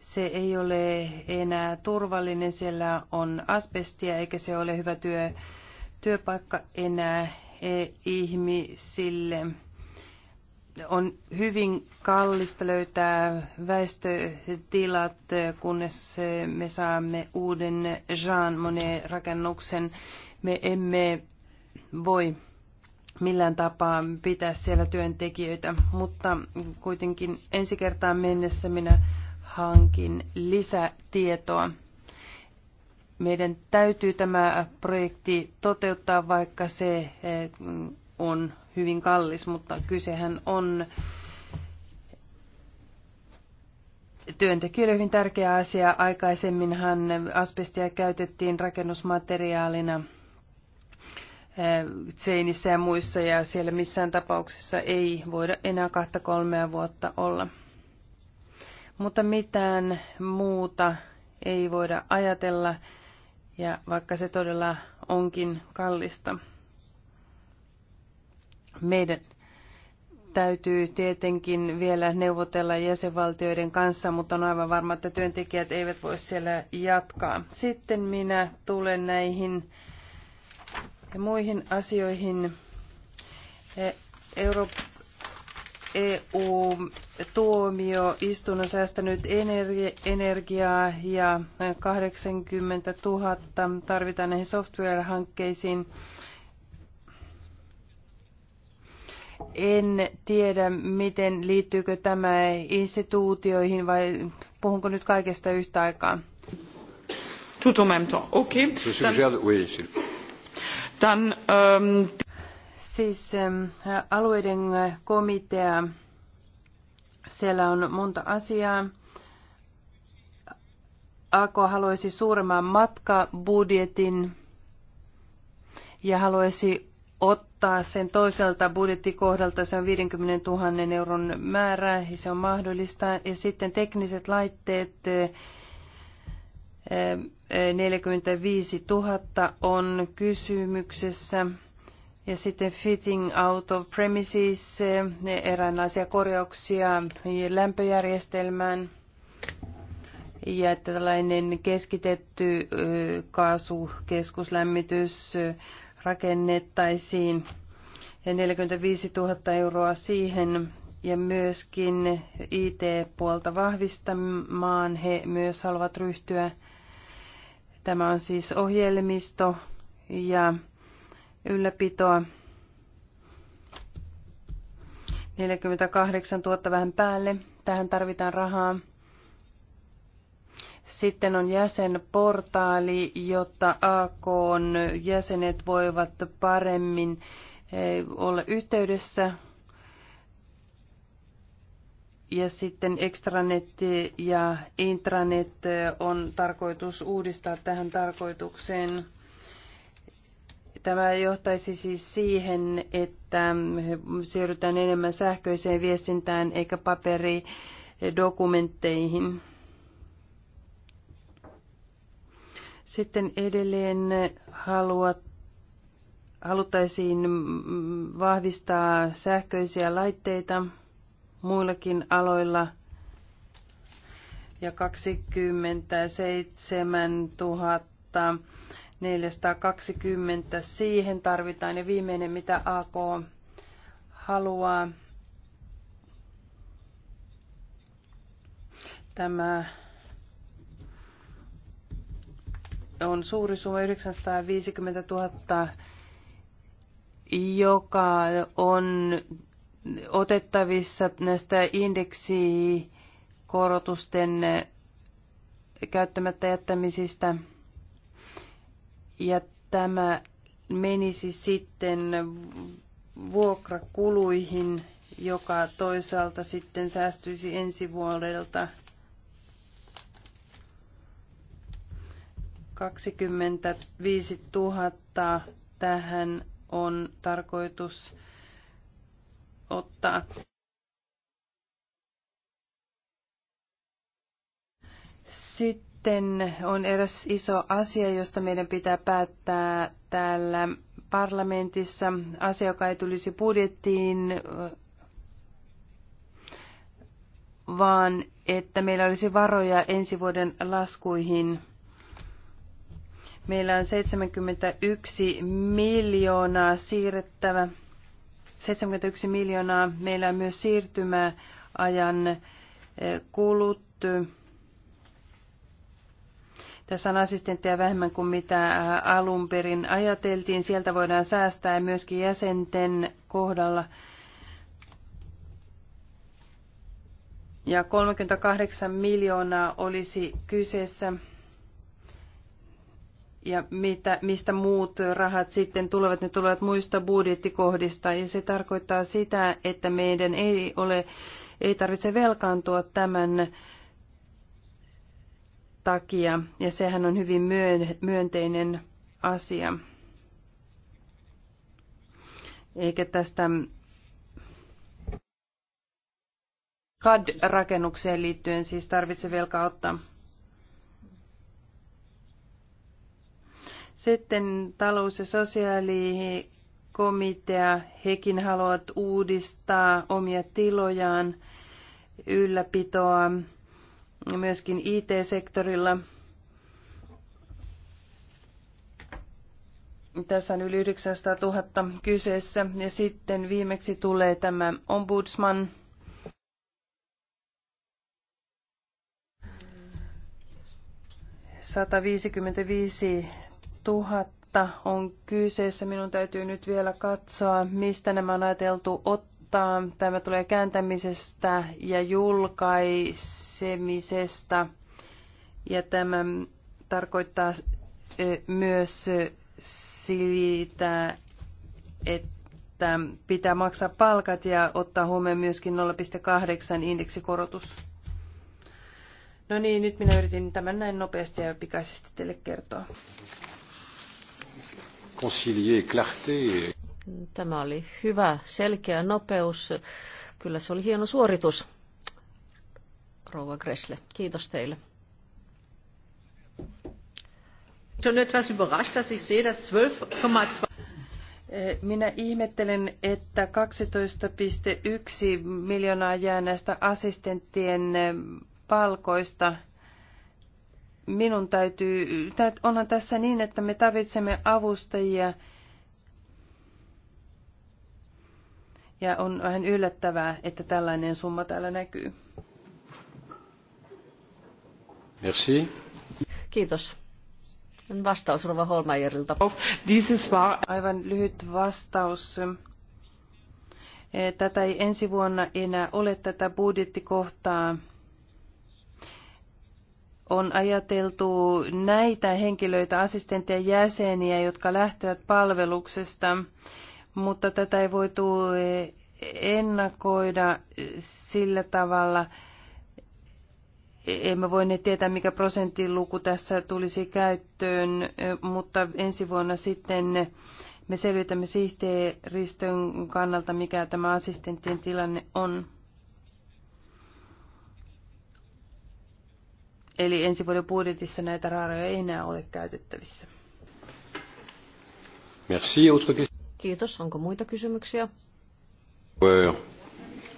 Se ei ole enää turvallinen, siellä on asbestia eikä se ole hyvä työ, työpaikka enää ihmisille on hyvin kallista löytää väestötilat, kunnes me saamme uuden Jean Monnet-rakennuksen. Me emme voi millään tapaa pitää siellä työntekijöitä, mutta kuitenkin ensi kertaan mennessä minä hankin lisätietoa. Meidän täytyy tämä projekti toteuttaa, vaikka se eh, on hyvin kallis, mutta kysehän on työntekijöille hyvin tärkeä asia. Aikaisemminhan asbestia käytettiin rakennusmateriaalina eh, seinissä ja muissa ja siellä missään tapauksessa ei voida enää kahta kolmea vuotta olla. Mutta mitään muuta ei voida ajatella ja vaikka se todella onkin kallista. Meidän täytyy tietenkin vielä neuvotella jäsenvaltioiden kanssa, mutta on aivan varma, että työntekijät eivät voi siellä jatkaa. Sitten minä tulen näihin ja muihin asioihin. E, Euro, EU-tuomioistuin on säästänyt energiaa ja 80 000 tarvitaan näihin software-hankkeisiin. En tiedä, miten liittyykö tämä instituutioihin vai puhunko nyt kaikesta yhtä aikaa. Tout en même temps. OK. Je suggère, oui, ehm, Siis ehm, alueiden komitea, siellä on monta asiaa. Ako haluaisi suuremman matkabudjetin ja haluaisi ot, ottaa sen toiselta budjettikohdalta, se on 50 000 euron määrä, ja se on mahdollista. Ja sitten tekniset laitteet, 45 eh, 000 on kysymyksessä. Ja sitten fitting out of premises, eh, eräänlaisia korjauksia lämpöjärjestelmään. Ja tällainen keskitetty eh, kaasukeskuslämmitys rakennettaisiin ja 45 000 euroa siihen ja myöskin IT-puolta vahvistamaan he myös haluavat ryhtyä. Tämä on siis ohjelmisto ja ylläpitoa. 48 000 vähän päälle. Tähän tarvitaan rahaa. Sitten on jäsenportaali, jotta AKn jäsenet voivat paremmin eh, olla yhteydessä. Ja sitten extranet ja intranet eh, on tarkoitus uudistaa tähän tarkoitukseen. Tämä johtaisi siis siihen, että siirrytään enemmän sähköiseen viestintään eikä paperidokumentteihin. dokumentteihin. Sitten edelleen haluat, haluttaisiin vahvistaa sähköisiä laitteita muillakin aloilla – ja 27 420 siihen tarvitaan. Ja viimeinen, mitä AK haluaa, tämä on suuri summa 950 000, joka on otettavissa näistä indeksikorotusten käyttämättä jättämisistä. Ja tämä menisi sitten vuokrakuluihin, joka toisaalta sitten säästyisi ensi vuodelta 25 000 tähän on tarkoitus ottaa. Sitten on eräs iso asia, josta meidän pitää päättää täällä parlamentissa. Asia, joka ei tulisi budjettiin, vaan että meillä olisi varoja ensi vuoden laskuihin – Meillä on 71 miljoonaa siirrettävä. 71 miljoonaa. Meillä on myös siirtymäajan eh, kulut. Tässä on assistenttia vähemmän kuin mitä eh, alun perin ajateltiin. Sieltä voidaan säästää myöskin jäsenten kohdalla. Ja 38 miljoonaa olisi kyseessä ja mitä, mistä muut rahat sitten tulevat, ne tulevat muista budjettikohdista. Ja se tarkoittaa sitä, että meidän ei, ole, ei tarvitse velkaantua tämän takia. Ja sehän on hyvin myönteinen asia. Eikä tästä CAD-rakennukseen liittyen siis tarvitse velkaa ottaa. Sitten talous- ja sosiaalikomitea, hekin haluavat uudistaa omia tilojaan, ylläpitoa myöskin IT-sektorilla. Tässä on yli 900 000 kyseessä. Ja sitten viimeksi tulee tämä ombudsman. 155. 000 on kyseessä. Minun täytyy nyt vielä katsoa, mistä nämä on ajateltu ottaa. Tämä tulee kääntämisestä ja julkaisemisesta. Ja tämä tarkoittaa myös siitä, että pitää maksaa palkat ja ottaa huomioon myöskin 0,8 indeksikorotus. No niin, nyt minä yritin tämän näin nopeasti ja pikaisesti teille kertoa concilier clarté. Tämä oli hyvä, selkeä nopeus. Kyllä se oli hieno suoritus, rouva Gressle. Kiitos teille. 12,2 minä ihmettelen, että 12,1 miljoonaa jää näistä assistenttien palkoista – minun täytyy, onhan tässä niin, että me tarvitsemme avustajia. Ja on vähän yllättävää, että tällainen summa täällä näkyy. Merci. Kiitos. Vastaus Rova Holmeierilta. Aivan lyhyt vastaus. Tätä ei ensi vuonna enää ole tätä budjettikohtaa on ajateltu näitä henkilöitä, assistenttien jäseniä, jotka lähtevät palveluksesta, mutta tätä ei voitu eh, ennakoida sillä tavalla, emme voi tietää, mikä prosenttiluku tässä tulisi käyttöön, eh, mutta ensi vuonna sitten me selvitämme sihteeristön kannalta, mikä tämä assistenttien tilanne on. Eli ensi vuoden budjetissa näitä rahoja ei enää ole käytettävissä. Merci. Autre Kiitos. Onko muita kysymyksiä?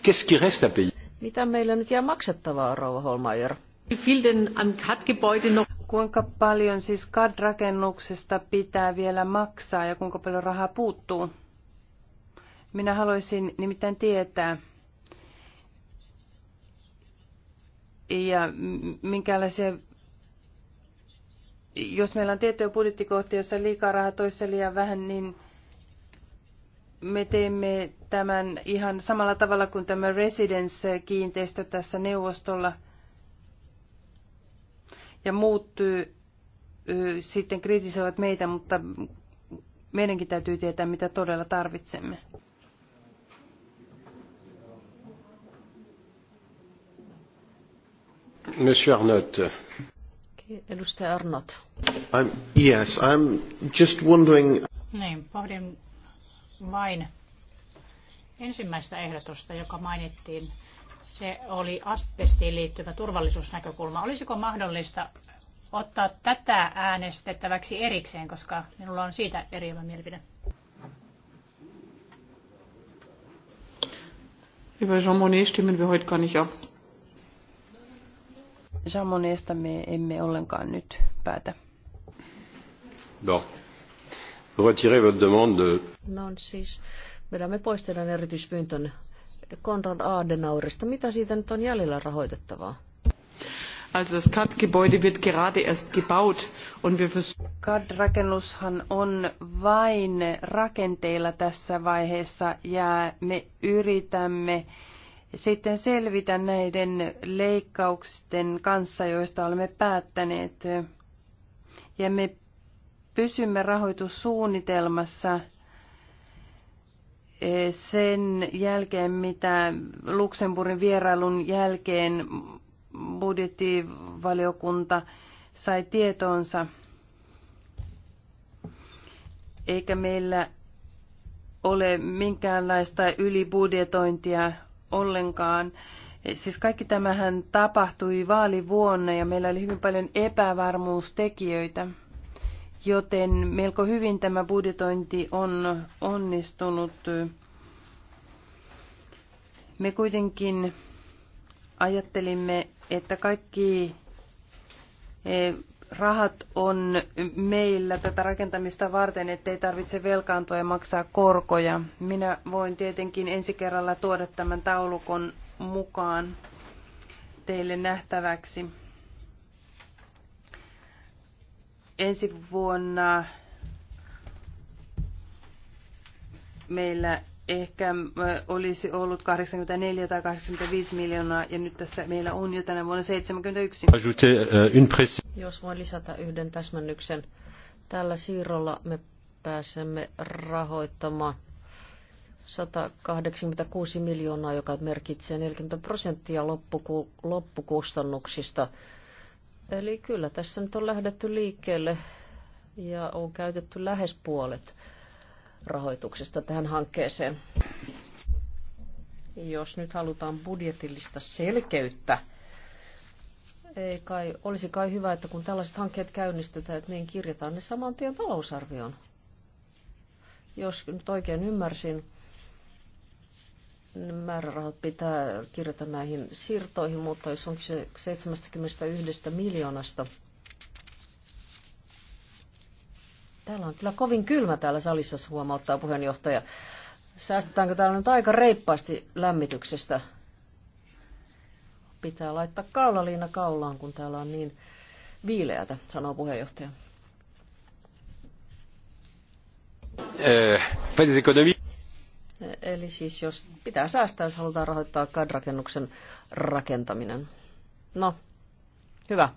Qu'est-ce qui reste à payer? Mitä meillä nyt jää maksettavaa, Rouva Holmeier? Kuinka paljon siis CAD-rakennuksesta pitää vielä maksaa ja kuinka paljon rahaa puuttuu? Minä haluaisin nimittäin tietää, ja minkälaisia jos meillä on tiettyjä budjettikohtia, joissa liikaa rahaa, toissa liian vähän, niin me teemme tämän ihan samalla tavalla kuin tämä residence-kiinteistö tässä neuvostolla. Ja muut sitten kritisoivat meitä, mutta meidänkin täytyy tietää, mitä todella tarvitsemme. Monsieur Arnott. Edustaja Arnott. I'm, yes, I'm just wondering... Niin, pohdin vain ensimmäistä ehdotusta, joka mainittiin. Se oli asbestiin liittyvä turvallisuusnäkökulma. Olisiko mahdollista ottaa tätä äänestettäväksi erikseen, koska minulla on siitä eriävä mielipide. Über Jean Monnet stimmen wir heute gar nicht ab. Jamonesta me emme ollenkaan nyt päätä. Bon. Retirez votre demande de... No siis, vedämme pois teidän erityispyyntön Konrad Adenaurista. Mitä siitä nyt on jäljellä rahoitettavaa? Also das CAD-Gebäude wird gerade erst gebaut und wir CAD-rakennushan on vain rakenteilla tässä vaiheessa ja me yritämme äh, sitten selvitä näiden leikkausten kanssa, joista olemme päättäneet. Ja me pysymme rahoitussuunnitelmassa eh, sen jälkeen, mitä Luxemburgin vierailun jälkeen budjettivaliokunta sai tietoonsa. Eikä meillä ole minkäänlaista ylibudjetointia ollenkaan. Siis kaikki tämähän tapahtui vaalivuonna ja meillä oli hyvin paljon epävarmuustekijöitä, joten melko hyvin tämä budjetointi on onnistunut. Me kuitenkin ajattelimme, että kaikki eh, rahat on meillä tätä rakentamista varten, ettei tarvitse velkaantua ja maksaa korkoja. Minä voin tietenkin ensi kerralla tuoda tämän taulukon mukaan teille nähtäväksi. Ensi vuonna meillä ehkä äh, olisi ollut 84 tai 85 miljoonaa ja nyt tässä meillä on jo tänä vuonna 71. Äh, Jos voin lisätä yhden täsmännyksen. Tällä siirrolla me pääsemme rahoittamaan 186 miljoonaa, joka merkitsee 40 prosenttia loppuku- loppukustannuksista. Eli kyllä tässä nyt on lähdetty liikkeelle ja on käytetty lähes puolet rahoituksesta tähän hankkeeseen. Jos nyt halutaan budjetillista selkeyttä, ei kai, olisi kai hyvä, että kun tällaiset hankkeet käynnistetään, että niin kirjataan ne saman tien talousarvioon. Jos nyt oikein ymmärsin, niin määrärahat pitää kirjata näihin siirtoihin, mutta jos on 71 miljoonasta, Täällä on kyllä kovin kylmä täällä salissa, huomauttaa puheenjohtaja. Säästetäänkö täällä nyt aika reippaasti lämmityksestä? Pitää laittaa kaulaliina kaulaan, kun täällä on niin viileätä, sanoo puheenjohtaja. Eh, eh, eli siis jos pitää säästää, jos halutaan rahoittaa kadrakennuksen rakentaminen. No, hyvä.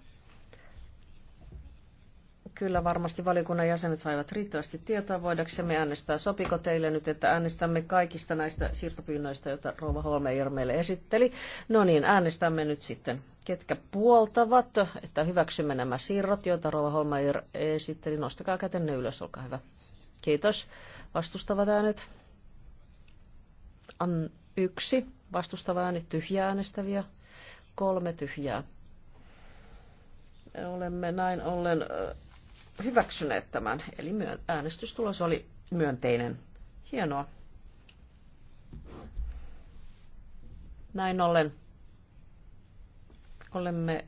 Kyllä varmasti valiokunnan jäsenet saivat riittävästi tietoa voidaksemme äänestää. Sopiko teille nyt, että äänestämme kaikista näistä siirtopyynnöistä, joita Rouva Holmeijer meille esitteli? No niin, äänestämme nyt sitten, ketkä puoltavat, että hyväksymme nämä siirrot, joita Rouva Holmeijer esitteli. Nostakaa kätenne ylös, olkaa hyvä. Kiitos. Vastustavat äänet? An yksi. Vastustava ääni, tyhjää äänestäviä. Kolme tyhjää olemme näin ollen hyväksyneet tämän, eli äänestystulos oli myönteinen. Hienoa. Näin ollen olemme...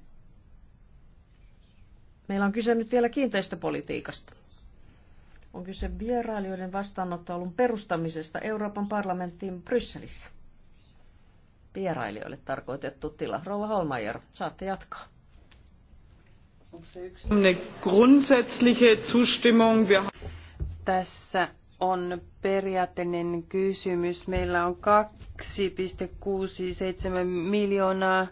Meillä on kyse nyt vielä kiinteistöpolitiikasta. On kyse vierailijoiden vastaanottoalun perustamisesta Euroopan parlamenttiin Brysselissä. Vierailijoille tarkoitettu tila. Rouva Holmajer, saatte jatkaa. Tässä on periaatteinen kysymys. Meillä on 2,67 miljoonaa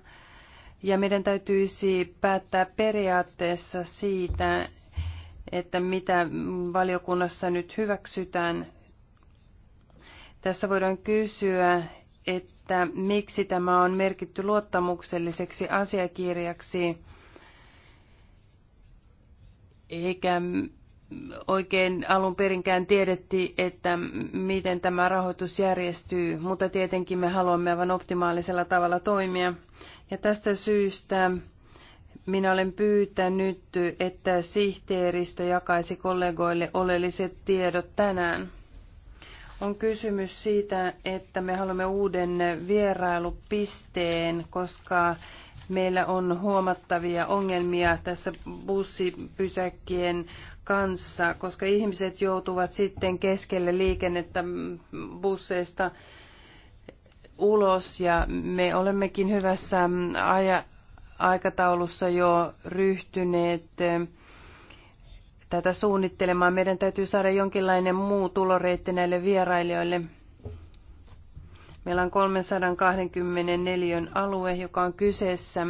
ja meidän täytyisi päättää periaatteessa siitä, että mitä valiokunnassa nyt hyväksytään. Tässä voidaan kysyä, että miksi tämä on merkitty luottamukselliseksi asiakirjaksi eikä oikein alun perinkään tiedetti, että miten tämä rahoitus järjestyy, mutta tietenkin me haluamme aivan optimaalisella tavalla toimia. Ja tästä syystä minä olen pyytänyt, että sihteeristö jakaisi kollegoille oleelliset tiedot tänään. On kysymys siitä, että me haluamme uuden vierailupisteen, koska meillä on huomattavia ongelmia tässä bussipysäkkien kanssa, koska ihmiset joutuvat sitten keskelle liikennettä busseista ulos ja me olemmekin hyvässä aja, aikataulussa jo ryhtyneet eh, tätä suunnittelemaan. Meidän täytyy saada jonkinlainen muu tuloreitti näille vierailijoille. Meillä on 324 alue, joka on kyseessä.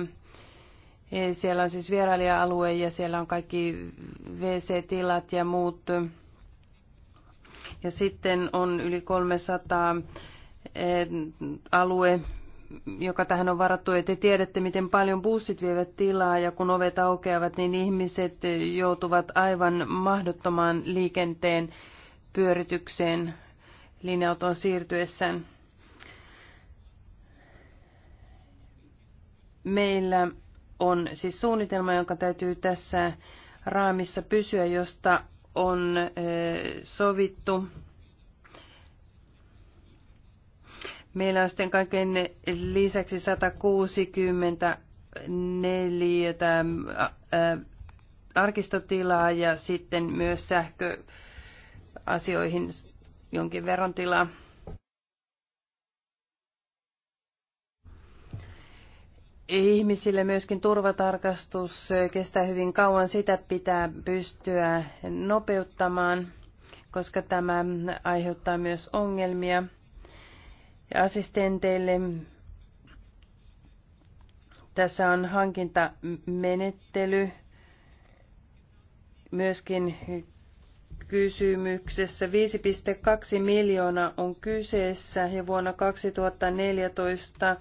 E, siellä on siis vierailija-alue ja siellä on kaikki WC-tilat ja muut. Ja sitten on yli 300 e, alue, joka tähän on varattu, ja te tiedätte, miten paljon bussit vievät tilaa, ja kun ovet aukeavat, niin ihmiset joutuvat aivan mahdottomaan liikenteen pyöritykseen linja-auton siirtyessään. Meillä on siis suunnitelma, jonka täytyy tässä raamissa pysyä, josta on sovittu. Meillä on sitten kaiken lisäksi 164 arkistotilaa ja sitten myös sähköasioihin jonkin verran tilaa. ihmisille myöskin turvatarkastus kestää hyvin kauan. Sitä pitää pystyä nopeuttamaan, koska tämä aiheuttaa myös ongelmia assistenteille. Tässä on hankintamenettely myöskin kysymyksessä. 5,2 miljoonaa on kyseessä ja vuonna 2014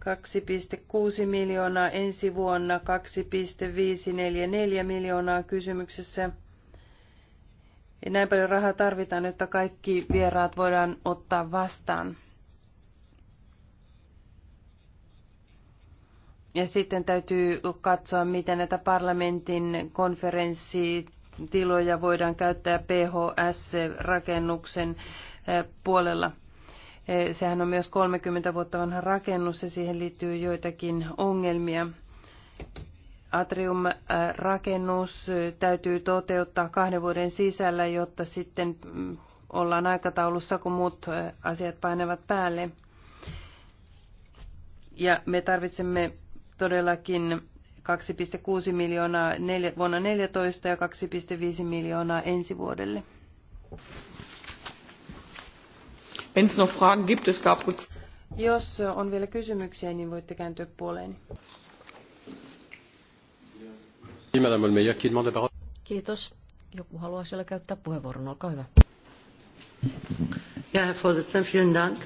2,6 miljoonaa ensi vuonna, 2,544 miljoonaa kysymyksessä. Ja näin paljon rahaa tarvitaan, jotta kaikki vieraat voidaan ottaa vastaan. Ja sitten täytyy katsoa, miten näitä parlamentin konferenssitiloja voidaan käyttää PHS-rakennuksen eh, puolella. Eh, sehän on myös 30 vuotta vanha rakennus ja siihen liittyy joitakin ongelmia. Atrium-rakennus eh, täytyy toteuttaa kahden vuoden sisällä, jotta sitten mm, ollaan aikataulussa, kun muut eh, asiat painavat päälle. Ja me tarvitsemme todellakin 2,6 miljoonaa vuonna 2014 ja 2,5 miljoonaa ensi vuodelle. Wenn es noch Fragen gibt, es gab... Jos on vielä kysymyksiä, niin voitte kääntyä puoleeni. Kiitos. Joku haluaa siellä käyttää puheenvuoron. Olkaa hyvä. Ja, Herr Vorsitzender, vielen Dank.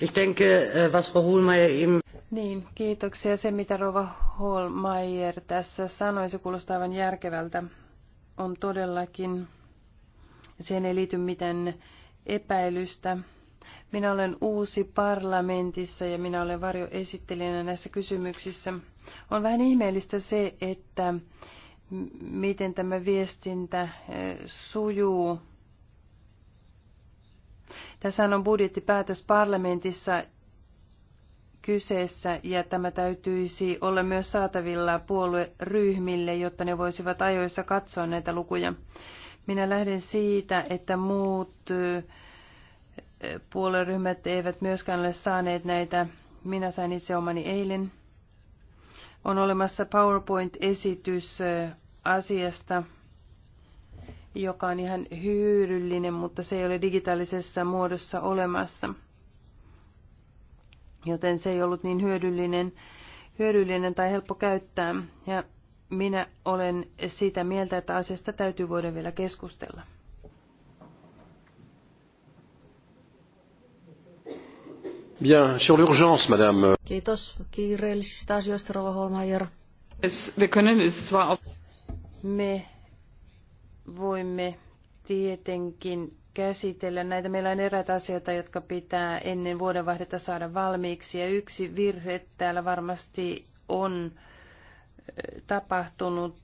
Ich denke, äh, was Frau Hohlmeier eben... Niin, kiitoksia. Se, mitä Rova Holmeier tässä sanoi, se kuulostaa aivan järkevältä. On todellakin, siihen ei liity mitään epäilystä. Minä olen uusi parlamentissa ja minä olen varjoesittelijänä näissä kysymyksissä. On vähän ihmeellistä se, että miten tämä viestintä e, sujuu. Tässä on budjettipäätös parlamentissa kyseessä ja tämä täytyisi olla myös saatavilla puolueryhmille, jotta ne voisivat ajoissa katsoa näitä lukuja. Minä lähden siitä, että muut e, puolueryhmät eivät myöskään ole saaneet näitä. Minä sain itse omani eilen. On olemassa PowerPoint-esitys asiasta, joka on ihan hyödyllinen, mutta se ei ole digitaalisessa muodossa olemassa. Joten se ei ollut niin hyödyllinen, hyödyllinen tai helppo käyttää. Ja minä olen sitä mieltä, että asiasta täytyy voida vielä keskustella. Bien, sur l'urgence, madame. Kiitos kiireellisistä asioista, rouva Holmeier. Me voimme tietenkin käsitellä näitä. Meillä on eräitä asioita, jotka pitää ennen vuodenvaihdetta saada valmiiksi. Ja yksi virhe täällä varmasti on tapahtunut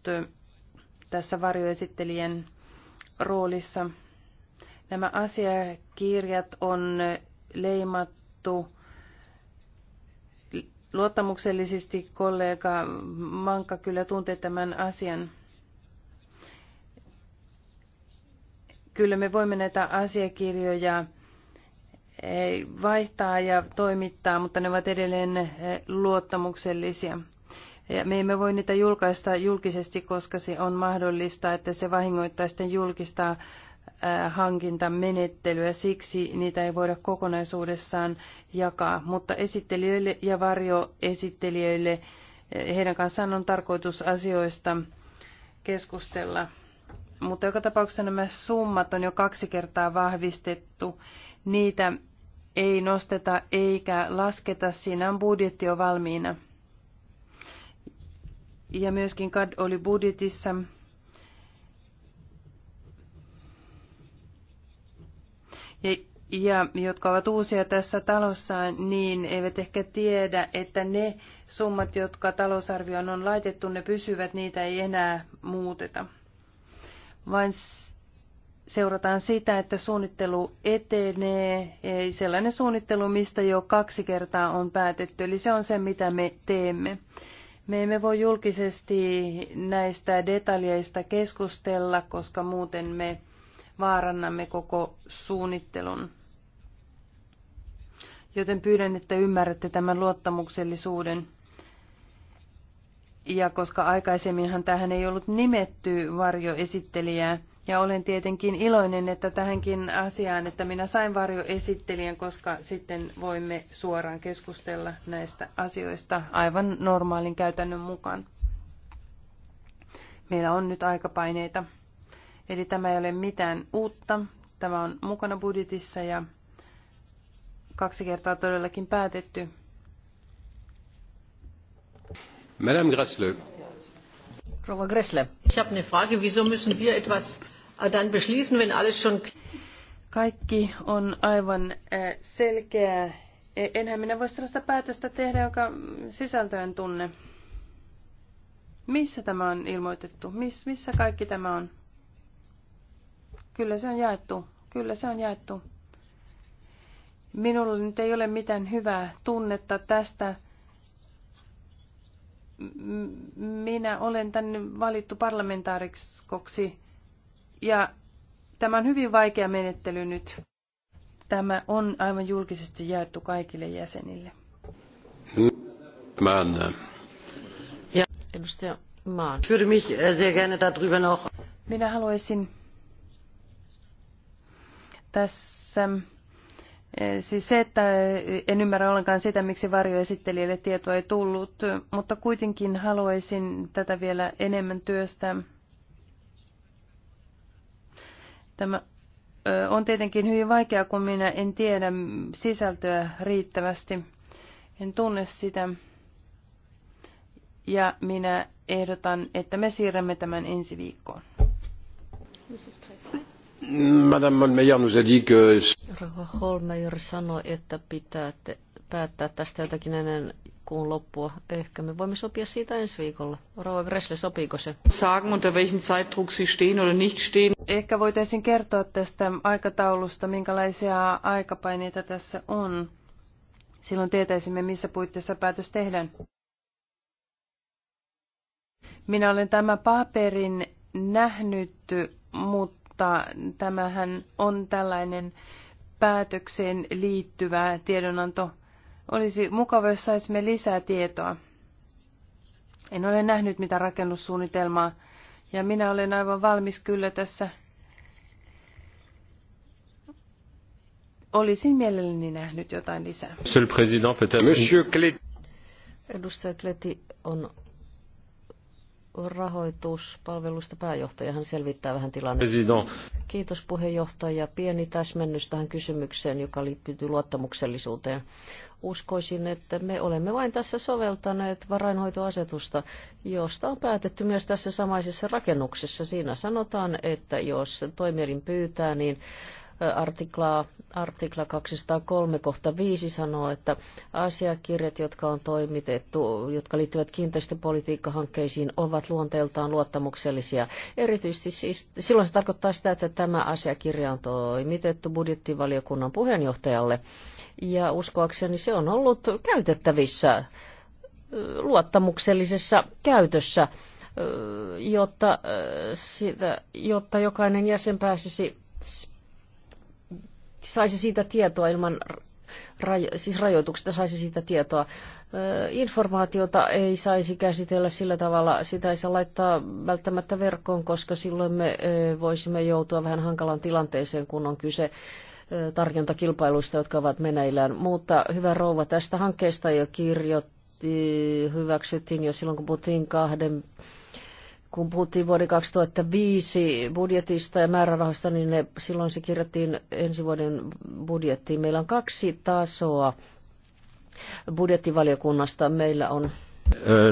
tässä varjoesittelijän roolissa. Nämä asiakirjat on leimattu puhuttu luottamuksellisesti. Kollega Manka kyllä tuntee tämän asian. Kyllä me voimme näitä asiakirjoja eh, vaihtaa ja toimittaa, mutta ne ovat edelleen eh, luottamuksellisia. Ja me emme voi niitä julkaista julkisesti, koska se on mahdollista, että se vahingoittaa sitten julkista Äh, hankintamenettelyä, siksi niitä ei voida kokonaisuudessaan jakaa, mutta esittelijöille ja varjoesittelijöille äh, heidän kanssaan on tarkoitus asioista keskustella. Mutta joka tapauksessa nämä summat on jo kaksi kertaa vahvistettu. Niitä ei nosteta eikä lasketa, siinä on budjetti jo valmiina. Ja myöskin CAD oli budjetissa ja, ja jotka ovat uusia tässä talossa, niin eivät ehkä tiedä, että ne summat, jotka talousarvioon on laitettu, ne pysyvät, niitä ei enää muuteta. Vain seurataan sitä, että suunnittelu etenee, ei sellainen suunnittelu, mistä jo kaksi kertaa on päätetty, eli se on se, mitä me teemme. Me emme voi julkisesti näistä detaljeista keskustella, koska muuten me vaarannamme koko suunnittelun. Joten pyydän, että ymmärrätte tämän luottamuksellisuuden. Ja koska aikaisemminhan tähän ei ollut nimetty varjoesittelijää, ja olen tietenkin iloinen, että tähänkin asiaan, että minä sain varjoesittelijän, koska sitten voimme suoraan keskustella näistä asioista aivan normaalin käytännön mukaan. Meillä on nyt aikapaineita. Eli tämä ei ole mitään uutta. Tämä on mukana budjetissa ja kaksi kertaa todellakin päätetty. Madame Gressle. Rouva Gressle. Ich habe eine Frage, wieso müssen wir etwas dann beschließen, wenn alles schon... Kaikki on aivan äh, selkeää. E, enhän minä voi sellaista päätöstä tehdä, joka sisältöön tunne. Missä tämä on ilmoitettu? Miss, missä kaikki tämä on? Kyllä se on jaettu. Kyllä se on jaettu. Minulla nyt ei ole mitään hyvää tunnetta tästä. Minä olen tänne valittu parlamentaarikoksi ja tämä on hyvin vaikea menettely nyt. Tämä on aivan julkisesti jaettu kaikille jäsenille. Mä ja edustaja Maan. Äh, minä haluaisin tässä Siis se, että en ymmärrä ollenkaan sitä, miksi varjoesittelijälle tietoa ei tullut, mutta kuitenkin haluaisin tätä vielä enemmän työstää. Tämä on tietenkin hyvin vaikeaa, kun minä en tiedä sisältöä riittävästi. En tunne sitä. Ja minä ehdotan, että me siirrämme tämän ensi viikkoon. Mrs. Kreisler. Madame nous a dit que... Holmeyer sanoi, että pitää te, päättää tästä jotakin ennen kuun loppua. Ehkä me voimme sopia siitä ensi viikolla. Rova Gressle, sopiiko se? Sagen, unter welchen Zeitdruck Sie stehen oder nicht stehen. Ehkä voitaisiin kertoa tästä aikataulusta, minkälaisia aikapaineita tässä on. Silloin tietäisimme, missä puitteissa päätös tehdään. Minä olen tämän paperin nähnyt, mutta mutta tämähän on tällainen päätökseen liittyvä tiedonanto. Olisi mukava, jos saisimme lisää tietoa. En ole nähnyt mitä rakennussuunnitelmaa, ja minä olen aivan valmis kyllä tässä. Olisin mielelläni nähnyt jotain lisää. Monsieur Cleti. Edustaja Kleti on rahoituspalvelusta pääjohtaja. Hän selvittää vähän tilannetta. Kiitos puheenjohtaja. Pieni täsmennys tähän kysymykseen, joka liittyy luottamuksellisuuteen. Uskoisin, että me olemme vain tässä soveltaneet varainhoitoasetusta, josta on päätetty myös tässä samaisessa rakennuksessa. Siinä sanotaan, että jos toimielin pyytää, niin artiklaa, artikla 203 kohta 5 sanoo, että asiakirjat, jotka on toimitettu, jotka liittyvät kiinteistöpolitiikkahankkeisiin, ovat luonteeltaan luottamuksellisia. Erityisesti siis, silloin se tarkoittaa sitä, että tämä asiakirja on toimitettu budjettivaliokunnan puheenjohtajalle. Ja uskoakseni se on ollut käytettävissä luottamuksellisessa käytössä, jotta, sitä, jotta jokainen jäsen pääsisi saisi siitä tietoa ilman rajo, siis rajoituksista saisi siitä tietoa. Informaatiota ei saisi käsitellä sillä tavalla, sitä ei saa laittaa välttämättä verkkoon, koska silloin me voisimme joutua vähän hankalaan tilanteeseen, kun on kyse tarjontakilpailuista, jotka ovat meneillään. Mutta hyvä rouva, tästä hankkeesta jo kirjoitti, hyväksyttiin jo silloin, kun puhuttiin kahden kun puhuttiin vuoden 2005 budjetista ja määrärahoista, niin ne, silloin se kirjattiin ensi vuoden budjettiin. Meillä on kaksi tasoa budjettivaliokunnasta. Meillä on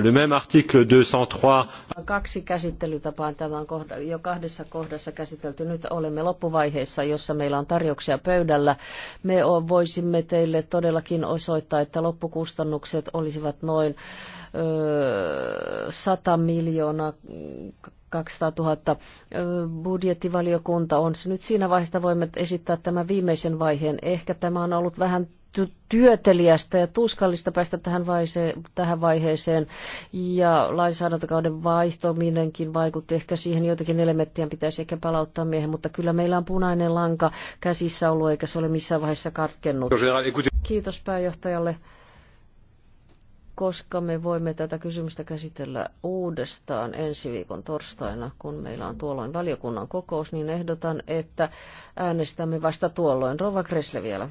Le même article 203. Kaksi käsittelytapaa tämän kohda, jo kahdessa kohdassa käsitelty. Nyt olemme loppuvaiheessa, jossa meillä on tarjouksia pöydällä. Me voisimme teille todellakin osoittaa, että loppukustannukset olisivat noin 100 miljoonaa 200 000. Budjettivaliokunta on nyt siinä vaiheessa, voimme esittää tämän viimeisen vaiheen. Ehkä tämä on ollut vähän työtelijästä ja tuskallista päästä tähän, vaise- tähän vaiheeseen. Ja lainsäädäntökauden vaihtominenkin vaikutti ehkä siihen, joitakin elementtiä pitäisi ehkä palauttaa miehen, mutta kyllä meillä on punainen lanka käsissä ollut, eikä se ole missään vaiheessa katkennut. Kiitos pääjohtajalle koska me voimme tätä kysymystä käsitellä uudestaan ensi viikon torstaina, kun meillä on tuolloin valiokunnan kokous, niin ehdotan, että äänestämme vasta tuolloin. Rova Kresle vielä.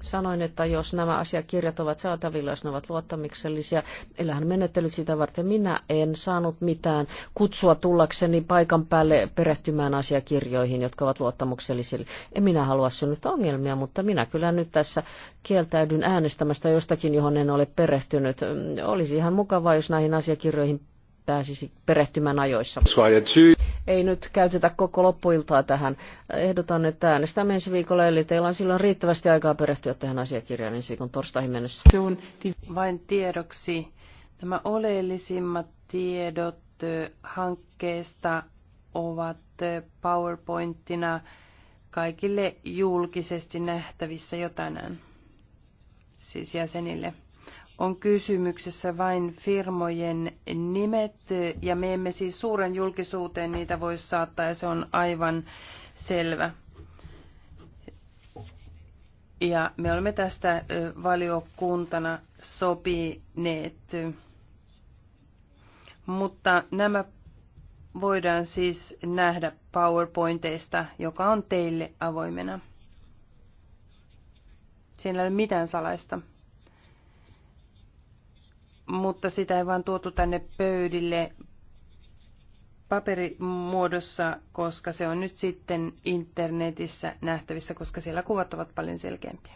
Sanoin, että jos nämä asiakirjat ovat saatavilla, jos ne ovat luottamuksellisia, elähän menettelyt sitä varten. Minä en saanut mitään kutsua tullakseni paikan päälle perehtymään asiakirjoihin, jotka ovat luottamuksellisia. En minä halua synnyttää ongelmia, mutta minä kyllä kyllä nyt tässä kieltäydyn äänestämästä jostakin, johon en ole perehtynyt. Olisi ihan mukavaa, jos näihin asiakirjoihin pääsisi perehtymään ajoissa. Ei nyt käytetä koko loppuiltaa tähän. Ehdotan, että äänestämme ensi viikolla, eli teillä on silloin riittävästi aikaa perehtyä tähän asiakirjaan ensi viikon torstaihin mennessä. Vain tiedoksi nämä oleellisimmat tiedot hankkeesta ovat PowerPointina kaikille julkisesti nähtävissä jo tänään, siis jäsenille. On kysymyksessä vain firmojen nimet, ja me emme siis suuren julkisuuteen niitä voi saattaa, ja se on aivan selvä. Ja me olemme tästä valiokuntana sopineet. Mutta nämä voidaan siis nähdä PowerPointeista, joka on teille avoimena. Siinä ei ole mitään salaista. Mutta sitä ei vaan tuotu tänne pöydille paperimuodossa, koska se on nyt sitten internetissä nähtävissä, koska siellä kuvat ovat paljon selkeämpiä.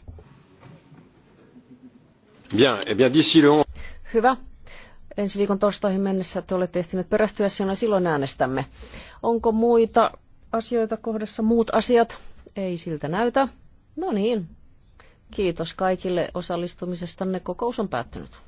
Bien, et eh bien, Hyvä ensi viikon torstaihin mennessä te olette ehtineet perehtyä siinä silloin äänestämme. Onko muita asioita kohdassa muut asiat? Ei siltä näytä. No niin. Kiitos kaikille osallistumisestanne. Kokous on päättynyt.